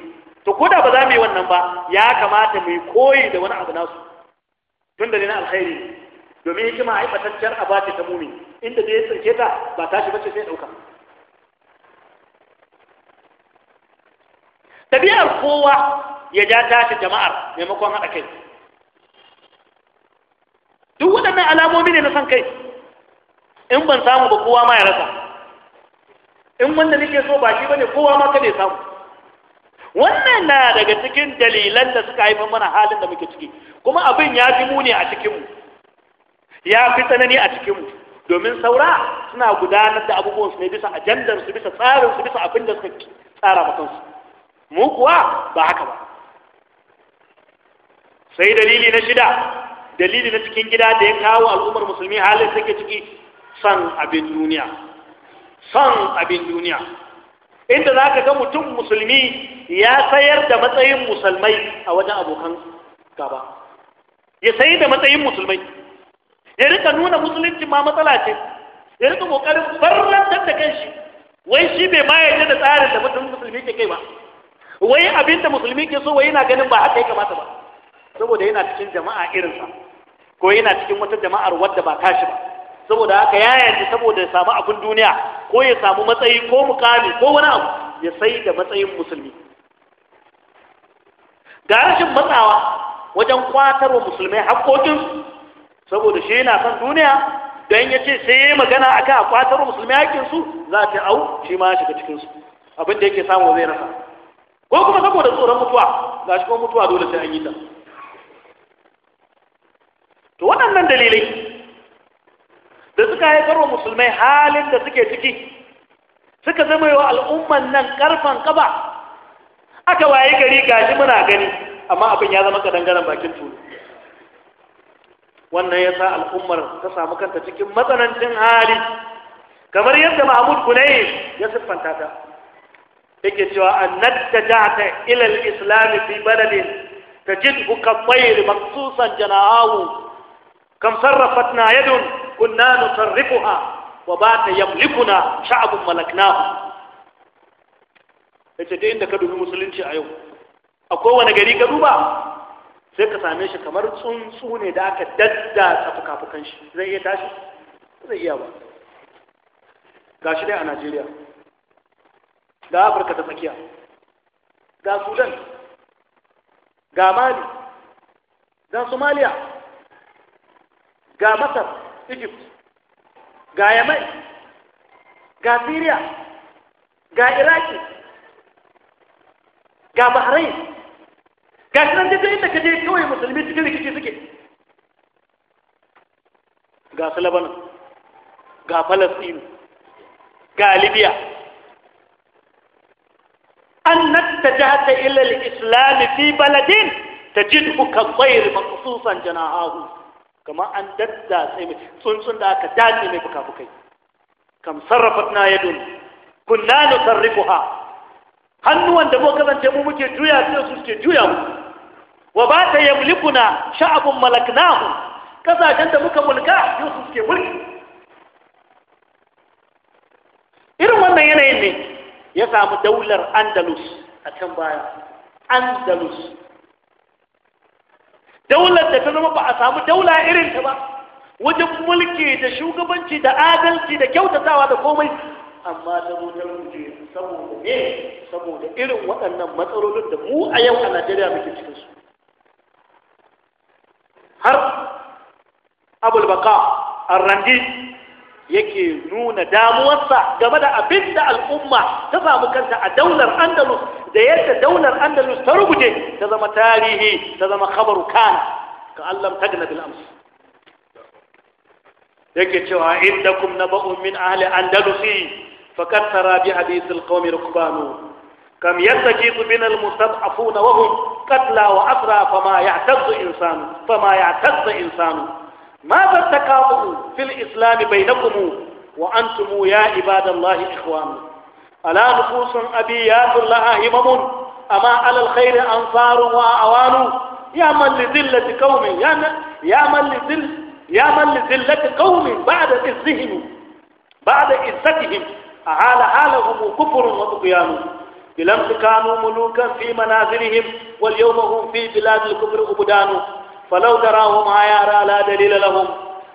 to ko da ba za mu yi wannan ba ya kamata mu yi koyi da wani abu nasu tun da ne na alkhairi domin hikima a batacciyar aba ce ta mumi inda da ya tsirke ta ba shi bace sai ɗauka tabiyar kowa ya ja tashi jama'ar maimakon haɗa kai duk waɗannan alamomi ne na san kai in ban samu ba kowa ma ya rasa in wanda nake so ba shi bane kowa ma kada ya samu wannan na daga cikin dalilan da suka haifar mana halin da muke ciki kuma abin ya fi muni a cikinmu ya fi tsanani a cikinmu domin saura suna gudanar da abubuwansu ne bisa ajandarsu bisa tsarinsu bisa abin da suka tsara makansu mu kuwa ba haka ba sai dalili na shida dalili na cikin gida da ya kawo al'ummar musulmi halin take ciki son abin duniya son abin duniya inda za ka ga mutum musulmi ya sayar da matsayin musulmai a wajen abokan gaba ya sayi da matsayin musulmai ya rika nuna musulunci ma matsala ce ya rika kokarin barrantar da shi? wai shi bai ma yarda da tsarin da mutum musulmi ke kai ba wai abin da musulmi ke so wai yana ganin ba haka ya kamata ba saboda yana cikin jama'a irinsa ko yana cikin wata jama'ar wadda ba tashi ba saboda haka ya yarda saboda ya samu abin duniya ko ya samu matsayi ko mukami ko wani abu ya sai da matsayin musulmi ga rashin matsawa wajen kwatarwa musulmai haƙoƙin saboda shi yana son duniya don ya ce sai ya yi magana a kan kwatarwa musulmai haƙƙinsu za ta au shi ma ya shiga cikinsu abin da yake samu zai rasa ko kuma saboda tsoron mutuwa ga shi kuma mutuwa dole sai an yi ta to waɗannan dalilai da suka haifar wa musulmai halin da suke ciki suka zama yawa al'umman nan karfan kaba aka waye gari gashi muna gani amma abin ya zama kadangaren bakin tuni wannan ya sa al'ummar ta samu kanta cikin matsanancin hali kamar yadda mahmud gunayi ya siffanta ta yake cewa an nadda ilal islami fi baladin da maksusan jana'ahu جناهه sarrafat na yadun kunna nusarrifuha wa bata yamlikuna sha'abun malaknahu yace dai inda ka dubi musulunci a yau a wani gari ka duba sai ka same shi kamar tsuntsu ne da aka dadda fuka-fukan shi zai iya tashi zai iya ba ga shi dai a najeriya ga afirka ta tsakiya ga sudan ga mali ga somaliya ga masar egypt ga yamen ga syria ga iraki ga bahrain ga shi nan inda ka je kawai musulmi cikin rikici suke ga su labanan ga falastin ga libya an nattajata ila al-islam fi baladin tajidhu ka ghayr maqsusan janahahu kamar an sai mai tsuntsun da aka dace mai bukafukai kam sarrafat na dun kunna nu ha hannuwan da muka zance mu muke juya sai su suke juya mu wa ba ta yamlikuna sha'abun malaknahu kasashen da muka mulka yau su suke mulki irin wannan yanayin ne ya samu daular andalus a can baya andalus daular da ta zama ba a samu daula irin ta ba wajen mulki da shugabanci da adalci da kyautatawa da komai amma ta zo ta saboda ne saboda irin waɗannan matsalolin da mu a yau a Najeriya muke cikin su har abul baka arrandi yake nuna damuwarsa game da abin da al'umma ta samu kanta a daular andalus da yadda daular andalus ta rubuce ta zama tarihi ta zama khabaru kana ka allam tagna bil amsi yake cewa indakum naba'un min ahli andalusi faqad tara bi hadith al qawmi rukbanu kam yastajibu min almustad'afuna wa hum qatla wa asra fama ya'tazu insanu fama ya'tazu insanu ماذا التكافؤ في الإسلام بينكم وأنتم يا عباد الله إخوان ألا نفوس أبيات لها همم أما على الخير أنصار وأوان يا من لذلة قوم يا من لذل يا من لذلة قوم بعد عزهم بعد عزتهم أعال حالهم كفر وطغيان بلمس كانوا ملوكا في منازلهم واليوم هم في بلاد الكفر أبدان فلو تراهم عيارى لا دليل لهم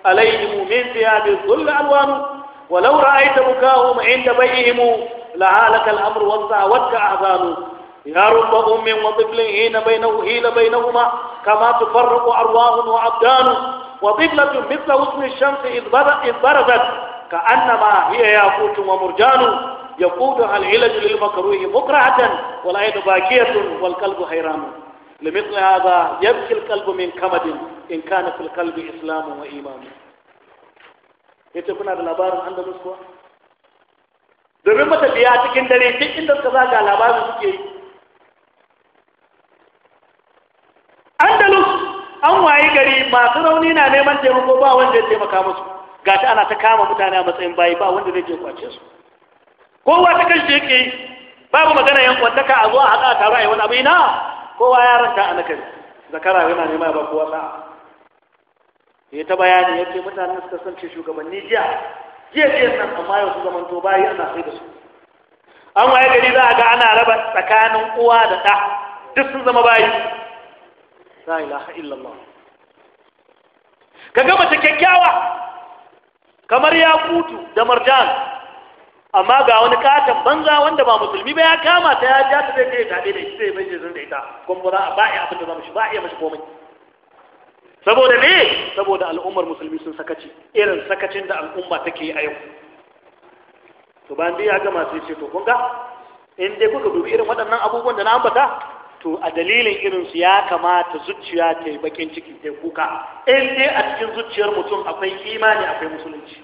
عليهم من ثياب الظل ألوان ولو رأيت بكاهم عند بيهم لعالك الأمر وانزعوتك أحزان يا رب أم وطفل حين بينه حيل بينهما كما تفرق أرواح وأبدان وطفلة مثل حسن الشمس إذ برزت كأنما هي ياقوت ومرجان يقودها العلج للمكروه مكرهة والعين باكية والقلب حيران لمثل هذا يبكي القلب من كمد إن كان في القلب إسلام وإيمان yace kuna da labarin andalus kuwa domin matafiya cikin dare duk inda suka zaga labarin suke yi andalus an wayi gari masu rauni na neman taimako ba wanda ya taimaka musu gashi ana ta kama mutane a matsayin bayi ba wanda zai je kwace su kowa ta kan shi yake babu magana yan kwantaka a zo a haɗa taro a yi wani abu ina kowa ya ranka a nakari zakara yana nema ya ba kowa sa'a ya ta bayani ya ce mutane suka san ce shugabanni jiya jiya jiya nan amma yau su to bayi ana sai da su an waye gari za a ga ana raba tsakanin uwa da ɗa duk sun zama bayi la ilaha illallah ka ga mace kyakkyawa kamar ya kutu da marjan amma ga wani katon banza wanda ba musulmi ba ya kama ta ya ja ta zai kai tabe da shi zai bai zai da ita gumbura ba ya abin da zama shi ba ya mashi komai saboda me saboda al'ummar musulmi sun sakaci irin sakacin da al'umma take yi a yau to ba dai ya gama sai ce to kun ga in dai kuka dubi irin waɗannan abubuwan da na ambata to a dalilin irin su ya kamata zuciya ta yi bakin ciki ta kuka in dai a cikin zuciyar mutum akwai imani akwai musulunci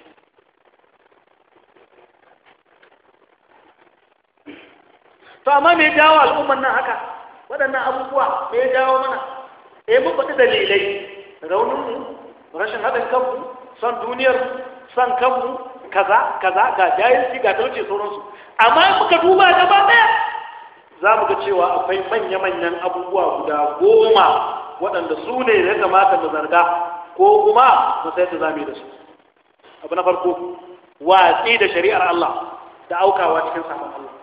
to amma me ya jawo al'ummar nan haka waɗannan abubuwa me ya jawo mana E, mun faɗi dalilai rauninmu rashin haɗin kanmu son duniyar son kanmu kaza kaza ga jahilci ga talauci sauransu amma in muka duba gaba ɗaya za mu ga cewa akwai manya-manyan abubuwa guda goma waɗanda su ne ya kamata mu zarga ko kuma mu sai ta zame da su abu na farko watsi da shari'ar Allah da aukawa cikin sabon Allah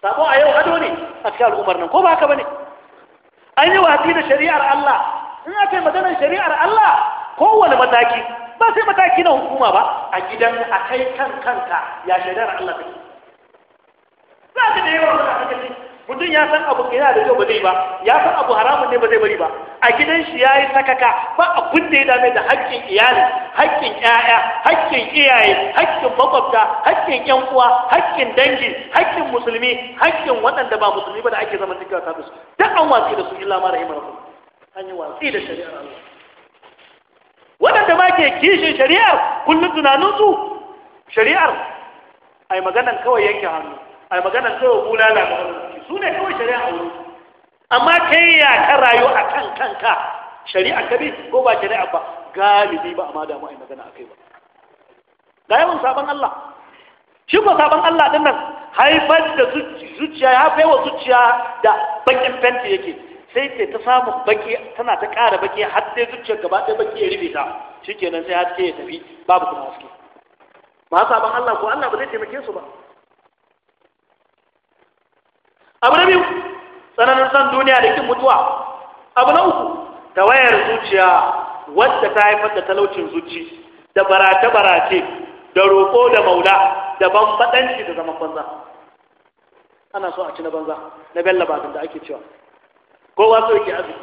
sabo a yau ado ne a cikin al'ummar nan ko ba haka bane an yi watsi da shari'ar Allah in aka yi maganar shari'ar Allah kowane mataki ba sai mataki na hukuma ba a gidan a kai kan kanka ya shari'ar Allah take za ka da yawa wani a mutum ya san abu yana da kyau ba zai ba ya san abu haramun ne ba zai bari ba a gidan shi ya yi sakaka ba kunde da mai da haƙƙin iyali haƙƙin ƴaƴa haƙƙin iyaye haƙƙin makwabta haƙƙin ƴan uwa haƙƙin dangi haƙƙin musulmi haƙƙin waɗanda ba musulmi ba da ake zaman cikin ta su duk an watsi da su illa ma rahimar Allah an yi watsi da shari'ar Allah waɗanda ba ke kishin shari'ar kullum su shari'ar ai maganan kawai yanke hannu ai maganan kawai bulala ga su ne kawai shari'a a wurin amma kai ya ka rayu a kan kanka shari'a ka bi ko ba shari'a ba galibi ba a ma damu a yi magana a kai ba ga yawan sabon Allah shi ko sabon Allah din nan haifar da zuciya ya fai wa zuciya da bakin fenti yake sai ke ta samun baki tana ta ƙara baki har sai zuciyar gaba ɗaya baki ya rubuta shikenan sai haske ya tafi babu kuma haske ba sabon Allah ko Allah ba zai taimake su ba abu na biyu tsananin san duniya da kin mutuwa abu na uku tawayar zuciya wadda ta haifar da talaucin zuci da barace-barace da roƙo da maula da banbaɗanci da zaman banza ana so a ci na banza na bella bakin da ake cewa Ko so yake azumi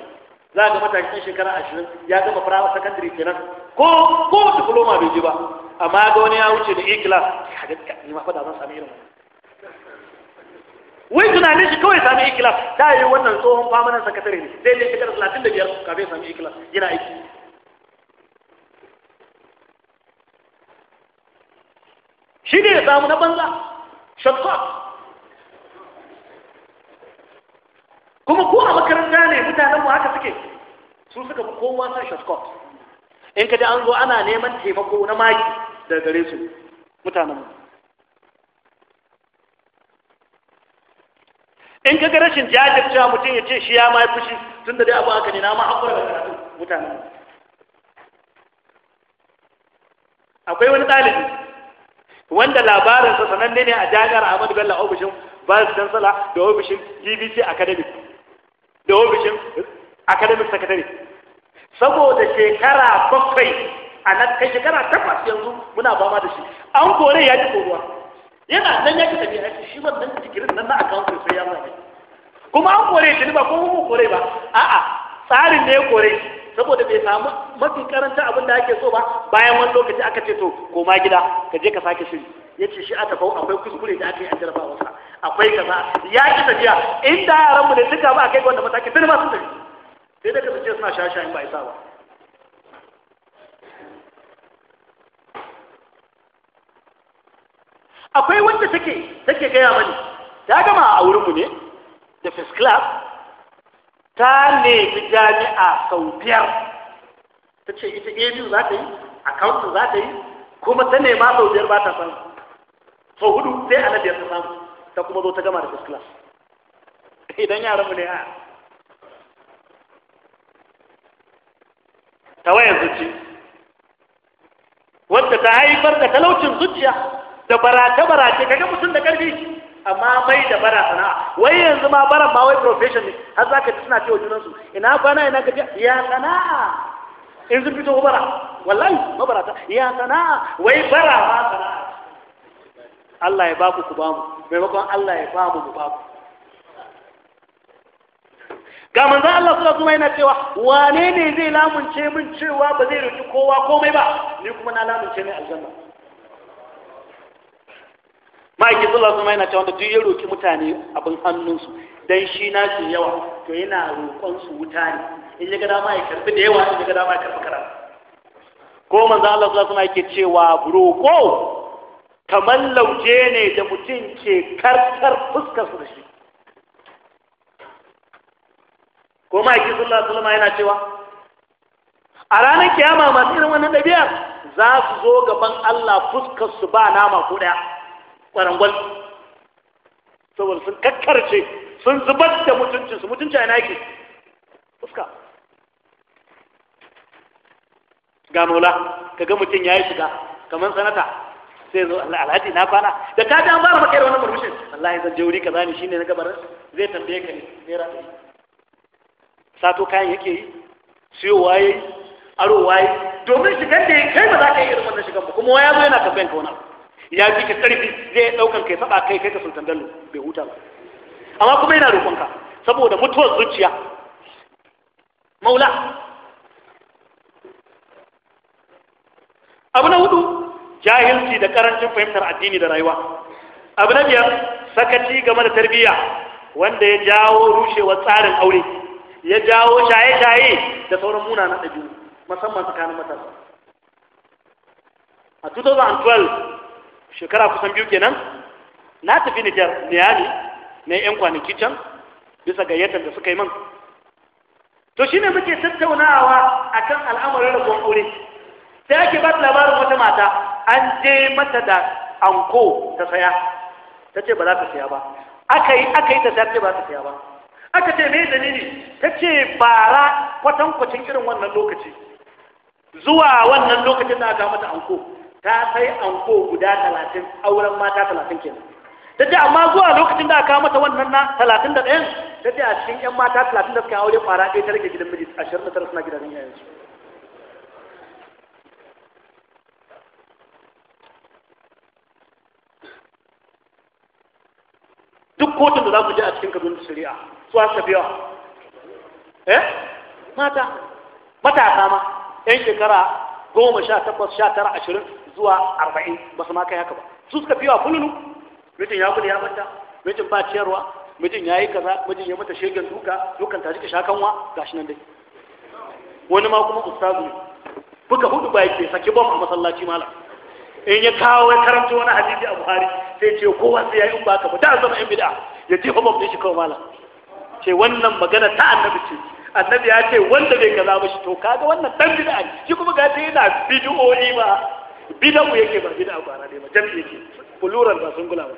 za ga matakin shekara ashirin ya gama firawa sakandare kenan ko ko diploma bai je ba amma ga wani ya wuce da e class ya ga ni ma fa da zan sami irin wannan wai tunanin shi kawai sami ikilas ta yi wannan tsohon famanan sakatare ne zai ne shekara talatin da biyar kafin sami ikilas yana aiki shi ne ya samu na banza shortcut kuma ko a makaranta ne mutanenmu haka suke su suka fi kowa san in ka ji an zo ana neman taimako na maki daga gare su mutanenmu in ka ga rashin jajircewa mutum ya ce shi ya ma yi fushi tun da dai abu haka ne na ma haƙura da karatu mutane akwai wani ɗalibi wanda labarinsa sananne ne a jami'ar Ahmad Bello ofishin Vice Chancellor da ofishin GBC Academic da ofishin Academic Secretary saboda shekara bakwai a nan kai shekara takwas yanzu muna fama da shi an kore ya ji koruwa yana nan ya tafiya tafi aiki shi wannan digirin nan na akawun sai ya mai kuma an kore shi ba ko mu kore ba a'a tsarin ne ya kore saboda bai samu mafi karanta abin da ake so ba bayan wani lokaci aka ce to koma gida ka je ka sake shiri ya ce shi a tafau akwai kuskure da aka yi a jarabawarsa akwai kaza ya ki tafiya inda yaran mu ne duka ba a kai wanda mataki tun ma sun tafi sai da kasance suna shashayin ba sa ba akwai wanda take take gaya mani ta gama a wurinmu ne da first class ta nemi jami'a sau biyar ta ce ita abu za ta yi accounting za ta yi kuma ta nema sau biyar ba ta san sau hudu sai ana biyar ta samu ta kuma zo ta gama da first class idan yaranmu ne a ta wayar zuci wadda ta haifar da talaucin zuciya da barace barace kaga mutum da karfi amma mai da bara sana'a wai yanzu ma bara ma wai profession ne har zaka ji suna cewa junansu ina kwana ina ka ya sana'a in sun fito bara wallahi mabarata ya sana'a wai bara ma sana'a Allah ya baku ku bamu maimakon Allah ya bamu mu baku ga manzo Allah sura kuma yana cewa wane ne zai lamunce min cewa ba zai roki kowa komai ba ni kuma na lamunce ne aljanna ma'aikin sallallahu alaihi yana cewa duk ya roƙi mutane abin hannunsu dan shi na shi yawa to yana roƙon su wuta ne in ya ga dama ya da yawa in ya ga dama ya kara karam ko manzo Allah sallallahu alaihi yake cewa roƙo kamar lauje ne da mutum ke karkar fuskar su da shi ko ma'aikin sallallahu alaihi yana cewa a ranar kiyama masu irin wannan ɗabi'ar za su zo gaban Allah fuskar su ba nama ko ɗaya kwarangwal saboda sun kakkarce sun zubar da mutuncinsu mutunci a naki fuska ga mola ka ga mutum ya yi shiga kamar sanata sai zo alhaji na kwana da ka an fara maka wani murmushin wallahi zan je wuri shi ne shine na gabar zai tambaye ka ne naira rafi sato kayan yake yi siyo waye, aro arowa yi domin shigar da ya kai ba za ka yi irin wannan shigar ba kuma waya zo yana kamfen ka wani abu ya ji ka karfi zai daukan kai faɗa kai kai ka sultan bello bai huta ba amma kuma yana roƙonka saboda mutuwar zuciya maula abu na hudu jahilci da karancin fahimtar addini da rayuwa abu na biyar sakaci game da tarbiyya wanda ya jawo rushewar tsarin aure ya jawo shaye-shaye da sauran muna na ɗabi'u musamman tsakanin matasa a 2012 shekara kusan biyu kenan na tafi Nijar Niyami na yan kwanaki can bisa gayyatar da suka yi man to shi ne muke tattaunawa akan al'amarin da aure sai ake ba labarin wata mata an je mata da anko ta saya ta ce ba za ta saya ba aka yi aka yi ta saya ba ta saya ba aka ce me dalili ta ce bara kwatankwacin irin wannan lokaci zuwa wannan lokacin da aka mata anko ta sai anko guda talatin auren mata talatin kenan ta ce amma zuwa lokacin da aka mata wannan na talatin da ɗaya, ta ce a cikin yan mata talatin da suka aure fara ɗaya ta rage gidan miji ashirin da tara suna gidajen yayansu duk kotun da za ku je a cikin kaduna shari'a su aka biya eh mata matasa ma yan shekara goma sha takwas sha tara ashirin zuwa arba'in ba su ma kai haka ba su suka fi wa fulunu mijin ya gudu ya manta mijin ba ciyarwa mijin ya yi kaza mijin ya mata shegen duka dukan ta jika shakanwa ga shi nan dai wani ma kuma ustazu ne buga hudu ba yake saki bom a masallaci malam in ya kawo ya karanta wani hadisi a buhari sai ce kowa sai ya yi ba ka ba da zama yan bid'a ya jefa bom da shi kawai malam ce wannan magana ta annabi ce annabi ya ce wanda bai kaza ba shi to kaga wannan dan bid'a ne shi kuma ga ta yana bid'o'i ba bida'u yake ba bida'a kwana ɗaya ba jam'i yake kuluran ba sun gula ba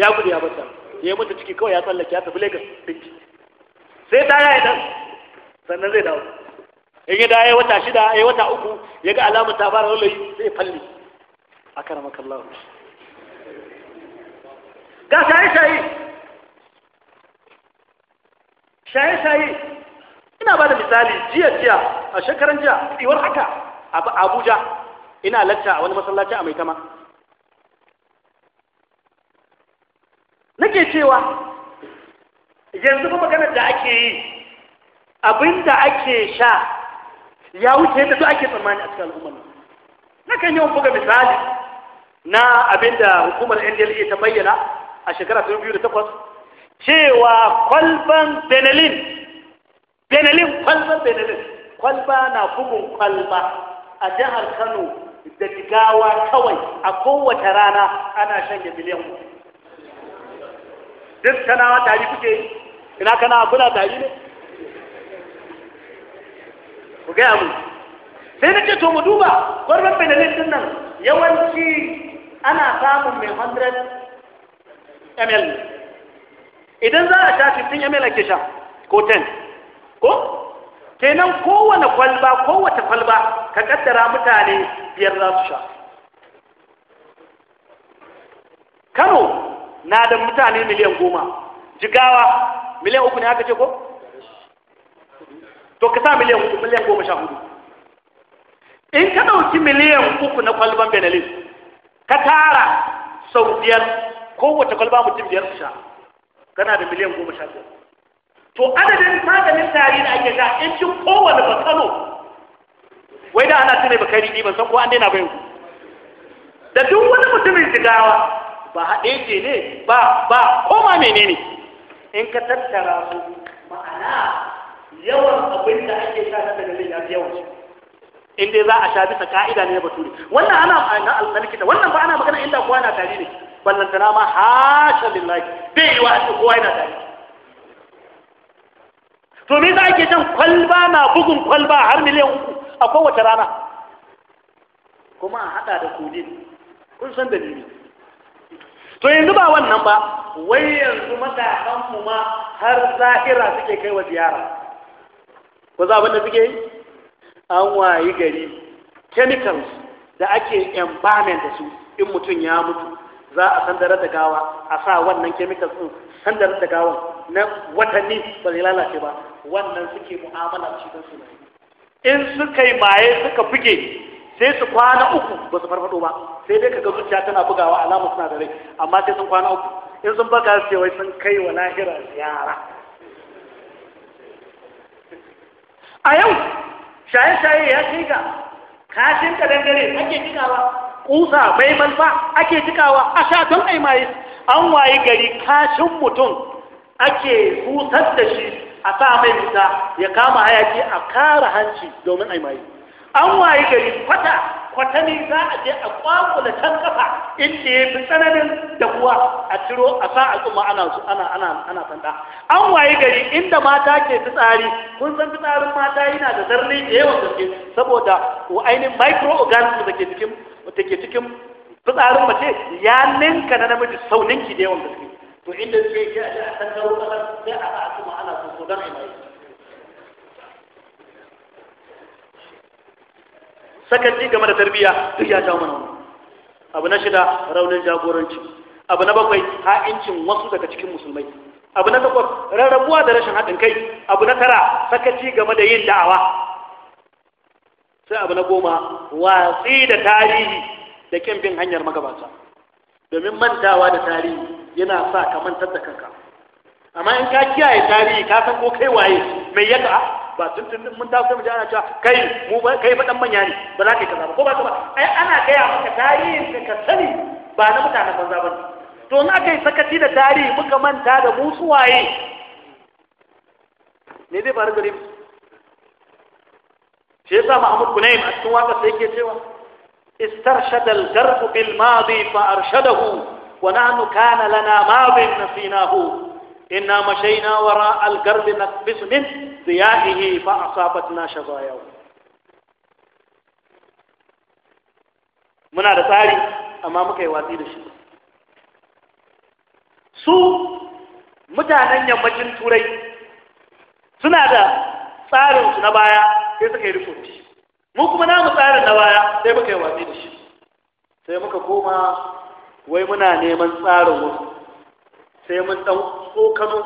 ya gudu ya bata ya yi ciki kawai ya tsallake ya tafi lagos ɗinki sai ta yaya dan sannan zai dawo in ya dawo wata shida ya wata uku ya ga alamar ta fara lalayi zai falle a karama kallon. ga shaye-shaye shaye-shaye ina ba da misali jiya jiya a shekaran jiya iwar haka abuja ina lacca a wani masallaci a maitama nake cewa yanzu kuma maganar da ake yi abinda ake sha ya wuce yadda ake tsammani a cikin al'ummar na kan yi buga misali na abinda hukumar ndla ta bayyana a shekara 2008 cewa kwalban benelin benelin kwalban benelin kwalba na bugun kwalba a jihar Kano da Jigawa kawai a kowace rana ana shanye miliyan uku duk kanawa tari kuke ina kanawa kuna tari ne ku gaya mu sai na ce to mu duba gwamnan Benelit din nan yawanci ana samun mai 100 ml idan za a sha 15 ml ake sha ko 10 ko kenan kowane kwalba kowace kwalba ka kaddara mutane biyar za su sha kano na da mutane miliyan goma jigawa miliyan uku ne aka ce ko to ka sa miliyan uku miliyan goma sha hudu in ka ɗauki miliyan uku na kwalban benelis ka tara sau biyar kowace kwalba mutum biyar su sha kana da miliyan goma sha biyar to adadin maganin tari da ake sha in cin kowane bakano wai da ana tunai bakari ne ban san ko an daina bai da duk wani mutumin jigawa ba haɗe ce ne ba ba koma menene in ka tattara su ma'ana yawan abin da ake sha na daga ya fi yawan in dai za a sha bisa ka'ida ne na ture wannan ana na alƙalkita wannan ba ana magana inda kowa na tari ne ballantana ma hasha lillahi bai yi wa kowa yana tari to me za ake jan kwalba na bugun kwalba har miliyan uku a kowace rana kuma a haɗa da kudi kun san da dalili to yanzu ba wannan ba wai yanzu mu ma har zahira suke kai wa ziyara ko za abin da suke yi an wayi gari chemicals da ake environment da su in mutum ya mutu za a sandar da gawa a sa wannan chemicals din sandar da gawan na watanni ba zai lalace ba wannan suke mu'amala shi don su in suka yi maye suka buge sai su kwana uku ba su farfado ba sai dai kaga zuciya tana bugawa alama suna da rai amma sai sun kwana uku in sun baka su wai sun kai wa lahira ziyara a yau shaye-shaye ya kai ga kashin dangare ake jikawa kusa bai manfa ake jikawa a sha don aimaye an waye gari kashin mutum ake kusar da shi a sa mai wuta ya kama hayaki a kara hanci domin yi mai an waye gari kwata kwata ne za a je a kwakula can kafa inda ya fi tsananin kuwa a ciro a sa a tsuma ana su ana ana ana sanda an waye gari inda mata ke fitsari kun san fitsarin mata yana da zarri da yawan gaske saboda ainihin organism da ke cikin da ke cikin fitsarin mace ya ninka na namiji sauninki da yawan gaske وعند الشيء جاء yi a a tattaro kasar sai a sa kuma ana so so don imai sakanci game da tarbiyya duk ya jawo mana abu na shida raunin jagoranci abu na bakwai ha'incin wasu daga cikin musulmai abu na takwas rarrabuwa da rashin haɗin kai abu na tara sakaci game da yin da'awa sai abu na goma watsi da tarihi da kin bin hanyar magabata domin mantawa da tarihi yana sa ka mantar da kanka amma in ka kiyaye tarihi ka san ko kai waye mai ya ka ba tuntun mun taso mu ana cewa kai mu kai fa dan manya ne ba za ka yi kaza ba ko ba ka ba ai ana gaya maka tarihin ka ka sani ba na mutanen banza ba ne to na kai yi sakaci da tarihi muka manta da mu su waye ne zai faru gare mu shi yasa Muhammad Kunaim a cikin waka sai yake cewa istarshadal garbu bil madi fa arshadahu ونحن كان لنا ماض نسيناه إنا مشينا وراء القرب نقبس من ضيائه فأصابتنا شظاياه muna da tsari amma muka yi watsi da shi su mutanen yammacin turai suna da tsarinsu na baya sai suka yi rufofi mu kuma namu tsarin na baya sai muka yi watsi da shi sai muka koma wai muna neman tsarin wasu sai mun ɗan tsokano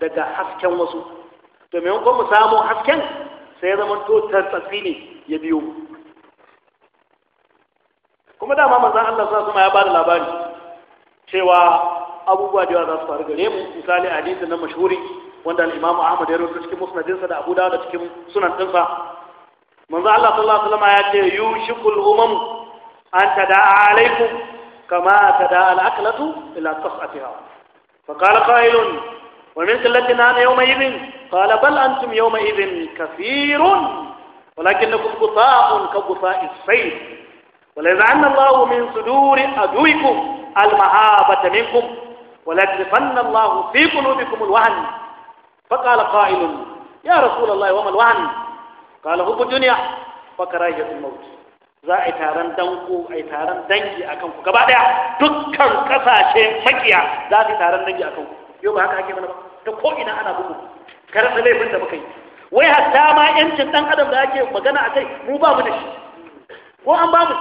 daga hasken wasu domin kuma mu samu hasken sai ya zama totar tsatsi ne ya biyo kuma dama manzan Allah sa kuma ya bada labari cewa abubuwa da yawa za su faru gare mu misali hadisi na mashhuri wanda al-Imam Ahmad ya rubuta cikin musnadinsa da Abu Dawud da cikin sunan dinsa manzo Allah sallallahu alaihi wasallam ya ce yushikul umam an tada'a alaikum كما تدعى الأكلة إلى صحتها فقال قائل ومن قلتنا أنا يومئذ قال بل أنتم يومئذ كثير ولكنكم غثاء كغثاء السيف وليزعن الله من صدور عدوكم المهابة منكم وليقذفن الله في قلوبكم الوهن فقال قائل يا رسول الله وما الوهن قال هب الدنيا وكراهية الموت za a yi taron danko a yi taron dangi a kanku gaba daya dukkan kasashe makiya za su yi taron dangi a kanku yau ba haka ake mana ba ta ko ina ana bugu kare da laifin da muka yi wai hatta ma yancin dan adam da ake magana a kai mu ba mu da shi ko an ba mu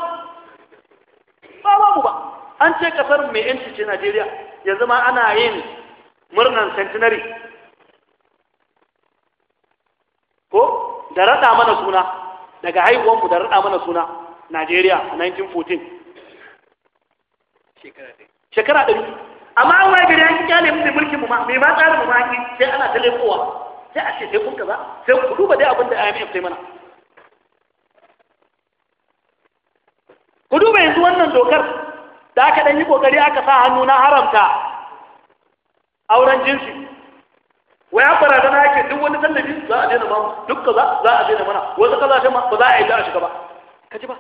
ba ba mu ba an ce kasar mai yanci ce Najeriya yanzu ma ana yin murnan centenary ko da raɗa mana suna daga haihuwanmu da raɗa mana suna Najeriya a 1914 shekara ɗari amma an waye gari an kyale mu da mulkin mu ma me ma tsarin mu ma sai ana ta laifowa sai a ce sai kun kaza sai ku duba dai abin da IMF ta mana ku duba yanzu wannan dokar da aka ɗan yi ƙoƙari aka sa hannu na haramta auren jinsi waya barazana ake duk wani tallafi za a daina ba duk kaza za a daina mana wasu kaza ma ba za a yi da a shiga ba ka ji ba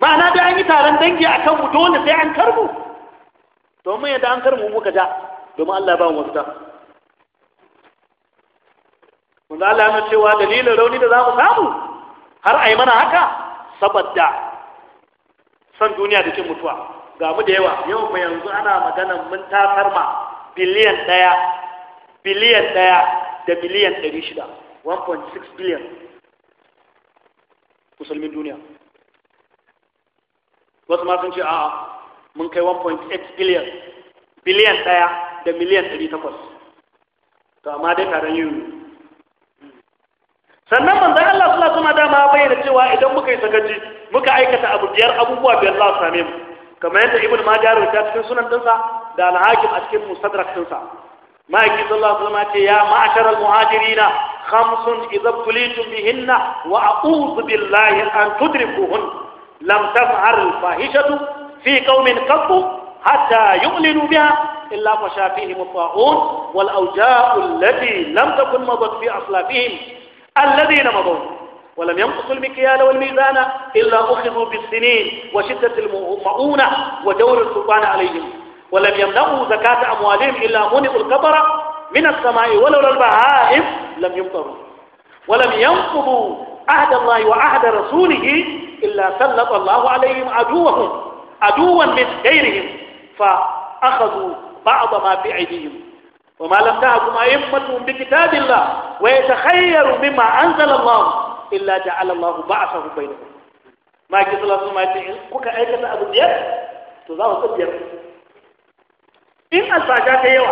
ma'ana da an yi taron dangi a kanmu dole sai an karmu domin yadda an karmu muka ja domin Allah ba mu mafita wanda Allah cewa dalilin rauni da za mu samu har a yi mana haka saboda son duniya da cin mutuwa ga mu da yawa yau yanzu ana maganan mun ta ma biliyan ɗaya biliyan ɗaya da biliyan ɗari shida 1.6 biliyan musulmin duniya wasu sun ce a'a mun kai 1.8 billion biliyan ɗaya da miliyan 800 to amma dai taron yiwu sannan manzan Allah suna suna dama bayyana cewa idan muka yi sakaci muka aikata abu biyar abubuwa biyar za su same mu kamar yadda ibn majah rubuta cikin sunan dinsa da al-hakim a cikin mustadrak dinsa ma'aiki sallallahu alaihi wasallam ce ya ma'ashar al-muhajirina khamsun idza tulitum bihinna wa a'udhu billahi an tudrikuhunna لم تظهر الفاحشة في قوم قط حتى يؤمنوا بها إلا مشى فيهم الطاعون والأوجاء التي لم تكن مضت في أصلافهم الذين مضوا ولم ينقصوا المكيال والميزان إلا أخذوا بالسنين وشدة المؤونة ودور السلطان عليهم ولم يمنعوا زكاة أموالهم إلا منعوا القطر من السماء ولولا البهائم لم يمطروا ولم ينقضوا عهد الله وعهد رسوله إلا سلط الله عليهم عدوهم عدوا من غيرهم فأخذوا بعض ما بأيديهم وما لم تهكم أئمتهم بكتاب الله ويتخيروا مما أنزل الله إلا جعل الله بعثه بينهم ما كي الله عليه وسلم كوكا أيكا أبو ديار تضعوا تبير إن الفاشا كيوا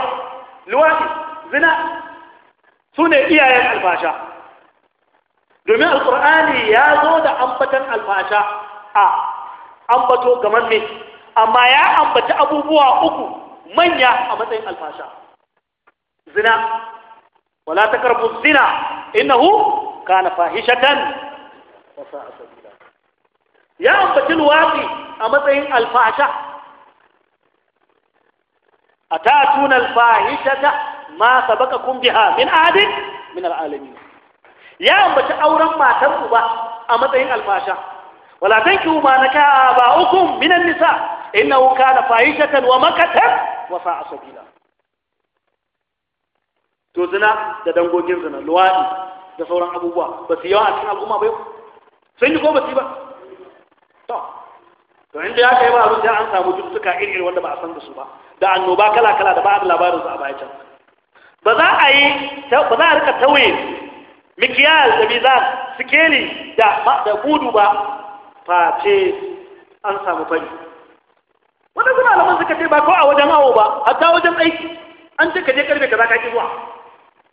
لواحد زنا سنة إياه الفاشا domin alkur'ani ya zo da ambatan alfasha a ambato gaman ne amma ya ambaci abubuwa uku manya a matsayin alfasha zina wala takarbu zina innahu kana fahishatan wa sa'a sabila ya ambaci luwati a matsayin alfasha atatuna alfahishata ma sabaqakum biha min adin min alalamin ya ambaci auren matarku ba a matsayin alfasha wala ku ma ba aba'ukum minan nisa innahu kana fahishatan wa makatan wa sa'a sabila to zina da dangogin zina luwadi da sauran abubuwa ba su yawa a cikin al'umma ba yau sun yi ko ba su ba to to inda ya kai ba abin an samu cututtuka iri iri wanda ba a san da su ba da annoba kala kala da ba a labarin su a baya can ba za a yi ba za a rika tauye mikiyal da mizan sikeli da da gudu ba face an samu fari wannan kuma alaman suka ce ba ko a wajen awo ba hatta wajen aiki an ce ka je karfe kaza ka ki zuwa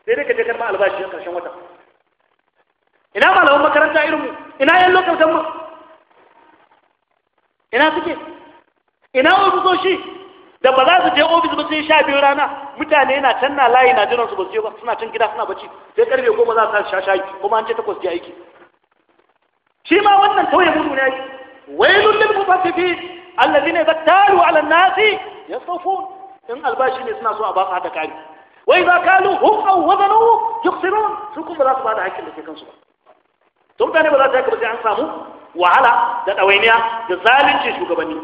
sai dai ka je karɓar albashi a ƙarshen wata ina malaman makaranta irin mu ina yan lokacin mu ina suke ina ofisoshi da ba za su je ofis ba sai sha biyu rana mutane na can na layi na jiran su ba su ba suna can gida suna bacci sai karfe goma za su sa shashayi kuma an ce takwas je aiki shi ma wannan tauye mudu ne yi wailun lil mutaffifin ne yattaru ala an-nasi yasfafun in albashi ne suna so a ba su hada kari wa idza kalu hum aw wazanu yukhsirun su kuma za su ba da hakkin da ke kansu ba to mutane ba za su yi ba sai an samu wahala da ɗawainiya da zalunci shugabanni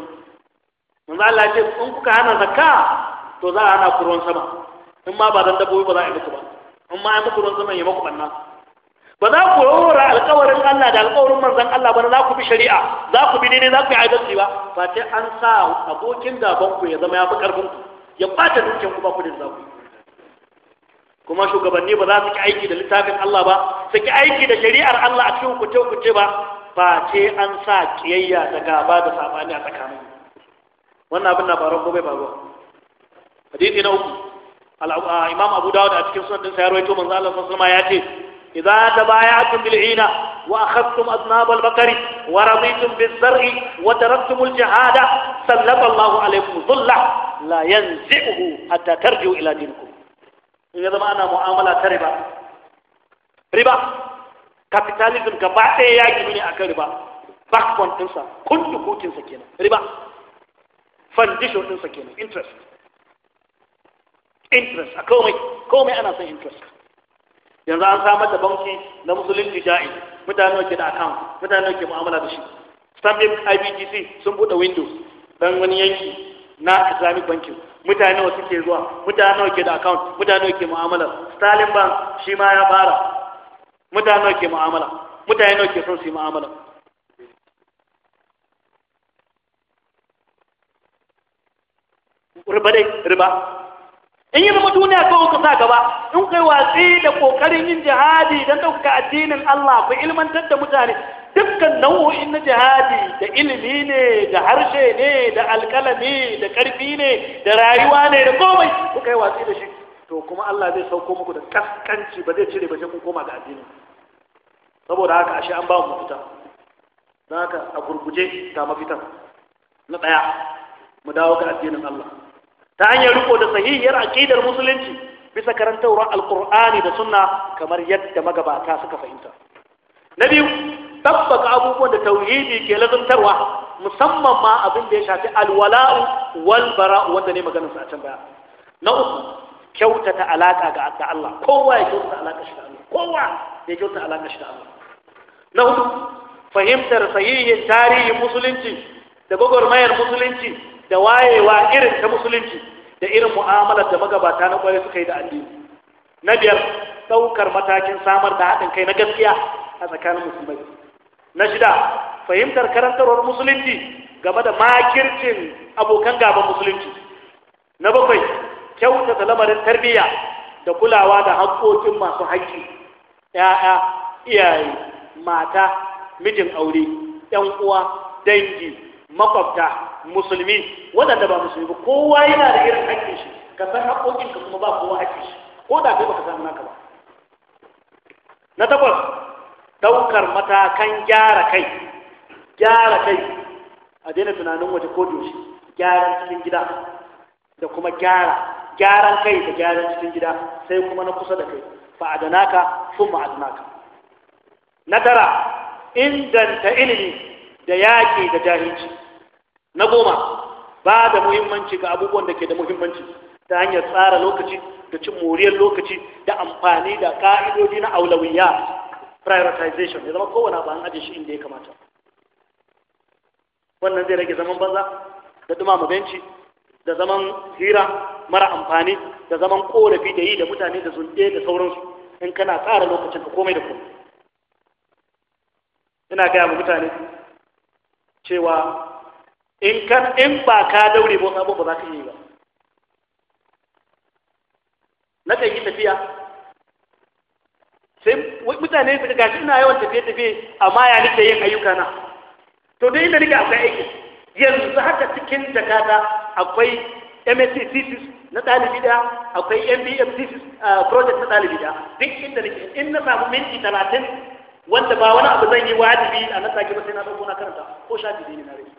manzo Allah ya ce in kuka hana zakka to za a hana ku ruwan sama in ma ba don dabbobi ba za a yi muku ba in ma yi muku ruwan sama ya muku banna ba za ku rora alƙawarin Allah da alƙawarin manzon Allah ba za ku bi shari'a za ku bi daidai za ku yi adalci ba ba sai an sa abokin gaban ku ya zama ya fi karfin ku ya kwata dukiyar ku ba ku da za ku kuma shugabanni ba za su ki aiki da littafin Allah ba su ki aiki da shari'ar Allah a cikin kuce kuce ba ba ce an sa kiyayya da gaba da sabani a tsakanin wannan abin na faruwa ko bai faruwa hadisi na uku ah, imam abu dawud a cikin sunan sa ya rawaito manzo Allah sallallahu alaihi ya ce idza tabayatum bil ina wa akhadtum aznab al bakari wa raditum bis zar'i wa taraktum al jihada sallata Allah alaikum dhulla la yanzihu hatta tarji'u ila dinikum zama ana mu'amala ta riba riba capitalism gaba ɗaya ya gini ne akan riba backbone ɗinsa kenan riba ɗinsa kenan interest interest a komai komai ana son interest yanzu an samar da banki na musulun ja'i mutane ke da account mutane ke mu'amala da shi stanbic ibtc sun bude windows don wani yanki na islamic banking mutane wasu ke zuwa mutane ke da account mutane ke mu'amala stalin bank shi ma ya fara mutane ke mu'amala mutane ke son su yi mu'amala riba dai riba in yi zama duniya ko ka sa gaba in kai watsi da kokarin yin jihadi don dauka addinin Allah ku ilmantar da mutane dukkan nau'o'in na jihadi da ilimi ne da harshe ne da alkalami da karfi ne da rayuwa ne da komai ku kai watsi da shi to kuma Allah zai sauko muku da kaskanci ba zai cire ba sai kun koma ga addini saboda haka ashe an ba mu fita. don haka a gurguje ga mafitan na ɗaya mu dawo ga addinin Allah ta hanyar riko da sahihiyar aqidar musulunci bisa karantarwar alqur'ani da sunna kamar yadda magabata suka fahimta na biyu tabbaka abubuwan da tauhidi ke lazumtarwa musamman ma abin da ya shafi alwala'u wal bara'u wanda ne maganar sa a can baya na uku kyautata alaka ga Allah kowa ya kyautata alaka shi da Allah kowa ya kyautata alaka shi da Allah na hudu fahimtar sahihin tarihin musulunci da gwagwarmayar musulunci da wayewa irin ta musulunci da irin mu'amalar da magabata na kwarai suka yi da addini na biyar ɗaukar matakin samar da haɗin kai na gaskiya a tsakanin musulmai na shida fahimtar karantarwar musulunci game da makircin abokan gaban musulunci na bakwai kyautata lamarin tarbiyya da kulawa da haƙƙoƙin masu haƙƙi ya'ya iyaye mata mijin aure 'yan uwa dangi makwabta musulmi waɗanda ba musulmi ba kowa yana da irin haƙƙin shi ka san haƙƙoƙin ka kuma ba kowa haƙƙin shi ko da kai baka samu naka ba na takwas ɗaukar matakan gyara kai gyara kai a daina tunanin waje ko doshi gyaran cikin gida da kuma gyara gyaran kai da gyaran cikin gida sai kuma na kusa da kai fa'adanaka sun ma'adanaka na tara inganta ilimi da yaƙi da jahilci na goma ba da muhimmanci ga abubuwan da ke da muhimmanci ta hanyar tsara lokaci da cin moriyar lokaci da amfani da ka'idodi na aulawiya prioritization ya zama kowane ba an ajiye shi inda ya kamata wannan zai rage zaman banza da dumama benci da zaman hira mara amfani da zaman korafi da yi da mutane da zunɗe da sauransu in kana tsara lokacin ka komai da komai ina gaya wa mutane cewa in ka in ba ka daure ba abu ba za ka yi ba na kan yi tafiya sai mutane su ga shi ina yawan tafiye tafiye amma ya nake yin ayyuka na to dai inda nake akwai aiki yanzu haka cikin jakata akwai MSc thesis na ɗalibi da akwai MBM thesis project na ɗalibi da duk inda nake in na samu minti talatin wanda ba wani abu zan yi wajibi a na tsaki ba sai na ɗauko na karanta ko shafi ne na rai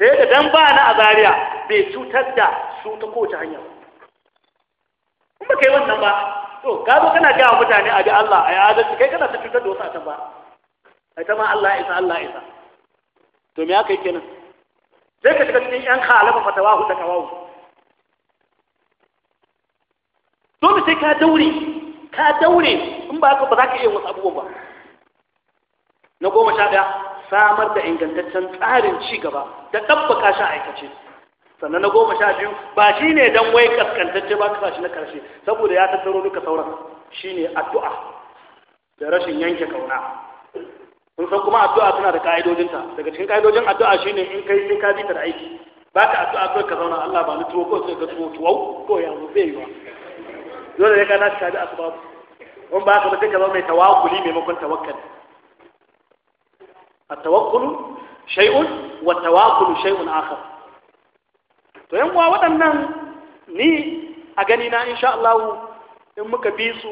sai da dan ba na a Zariya bai cutar da su ta kowace hanya in ba kai wannan ba to gado zo kana gaya mutane a ga Allah a yi adalci kai kana ta cutar da wasu a can ba a ta ma Allah isa Allah isa to me aka yi kenan sai ka shiga cikin yan halafa fatawahu da to dole sai ka daure ka daure in ba ka ba za ka iya wasu abubuwan ba na goma sha ɗaya samar da ingantaccen tsarin ci gaba da ɗabbaka shi aikace sannan na goma sha biyu ba shi ne don wai kaskantacce ba ka shi na ƙarshe saboda ya tattaro duka sauran shi ne addu'a da rashin yanke kauna kun san kuma addu'a tana da ka'idojinta daga cikin ka'idojin addu'a shine in kai sai ka bi ta da aiki ba ka addu'a kawai ka zauna Allah ba ni tuwo ko sai ka tuwo tuwo ko ya mu zai yi ba dole ne ka na shi ka bi asbabu in ba ka ba sai ka zama mai tawakuli maimakon tawakkali التوكل شيء والتواكل شيء آخر to yanwa waɗannan ni a gani na insha Allah in muka bi su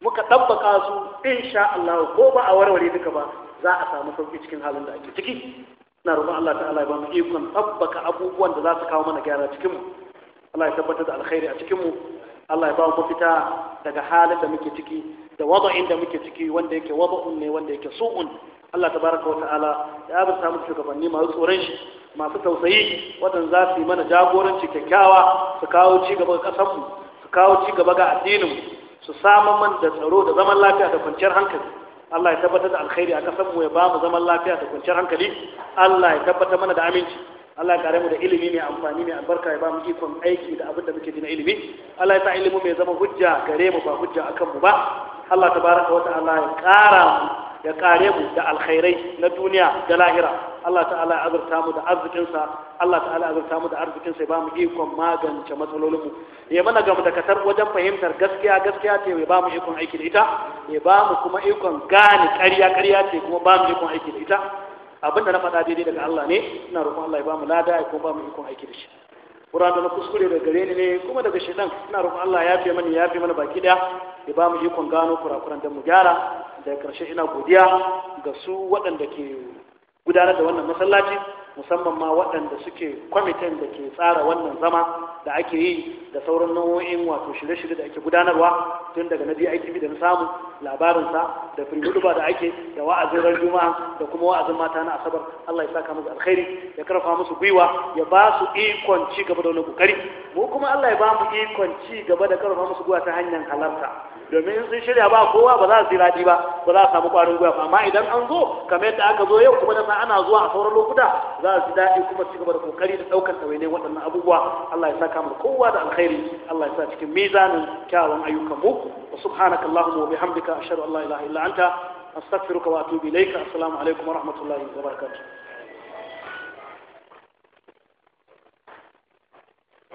muka ɗabbaka su insha Allah ko ba a warware duka ba za a samu sauƙi cikin halin da ake ciki na roƙon Allah ta'ala ya ba mu ikon ɗabbaka abubuwan da za su kawo mana gyara cikin mu Allah ya tabbatar da alkhairi a cikin mu Allah ya ba mu fita daga halin da muke ciki da wada'in da muke ciki wanda yake wada'un ne wanda yake su'un Allah tabaraka wata'ala ya abinta mu shugabanni masu tsoron shi masu tausayi waɗanda za su yi mana jagoranci kyakkyawa su kawo ci gaba ga ƙasarmu su kawo ci gaba ga addinin su samu man da tsaro da zaman lafiya da kwanciyar hankali Allah ya tabbatar da alkhairi a ƙasarmu ya ba mu zaman lafiya da kwanciyar hankali Allah ya tabbatar mana da aminci Allah ya kare mu da ilimi mai amfani mai albarka ya ba mu ikon aiki da abin da muke ji na ilimi Allah ya sa ilimi mai zama hujja gare mu ba hujja akan mu ba Allah tabaraka wata'ala ya ƙara mu ya kare mu da alkhairai na duniya da lahira Allah ta'ala ya azurta mu da arzikinsa Allah ta'ala ya azurta mu da arzikinsa ya ba mu ikon magance matsalolin mu ya mana gamu da katar wajen fahimtar gaskiya gaskiya ce ya ba mu ikon aiki da ita ya ba mu kuma ikon gane ƙarya ƙarya ce kuma ba mu ikon aiki da ita abinda na faɗa daidai daga Allah ne ina roƙon Allah ya ba mu lada ya kuma ba mu ikon aiki da shi da na kuskure da gare ni ne kuma daga shedan ina roƙon Allah ya fi mani ya fi mana baki daya ya ba mu ikon gano kurakuran da mu gyara da karshe ina godiya ga su waɗanda ke gudanar da wannan masallaci musamman ma waɗanda suke kwamitin da ke tsara wannan zama da ake yi da sauran nau'o'in wato shirye-shirye da ake gudanarwa tun daga na DITV da na samu labarinsa da firguduba da ake da wa'azin ran juma'a da kuma wa'azin mata na asabar Allah ya saka musu alkhairi ya karfa musu gwiwa ya ba su ikon ci gaba da wani kokari mu kuma Allah ya ba mu ikon ci gaba da karfa musu gwiwa ta hanyar halarta domin sun shirya ba kowa ba za su yi daɗi ba ba za su samu ƙwarin gwiwa amma idan an zo kamar yadda aka zo yau kuma da ana zuwa a sauran lokuta za su daɗi kuma su gaba da kokari da ɗaukar ta ɗawainiyar waɗannan abubuwa Allah ya saka mu kowa da alkhairi Allah ya sa cikin mizanin kyawun ayyukan mu wa subhanakallahu wa bihamdika ashhadu an la ilaha illa anta astaghfiruka wa atubu ilayka assalamu alaikum wa rahmatullahi wa barakatuh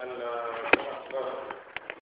and uh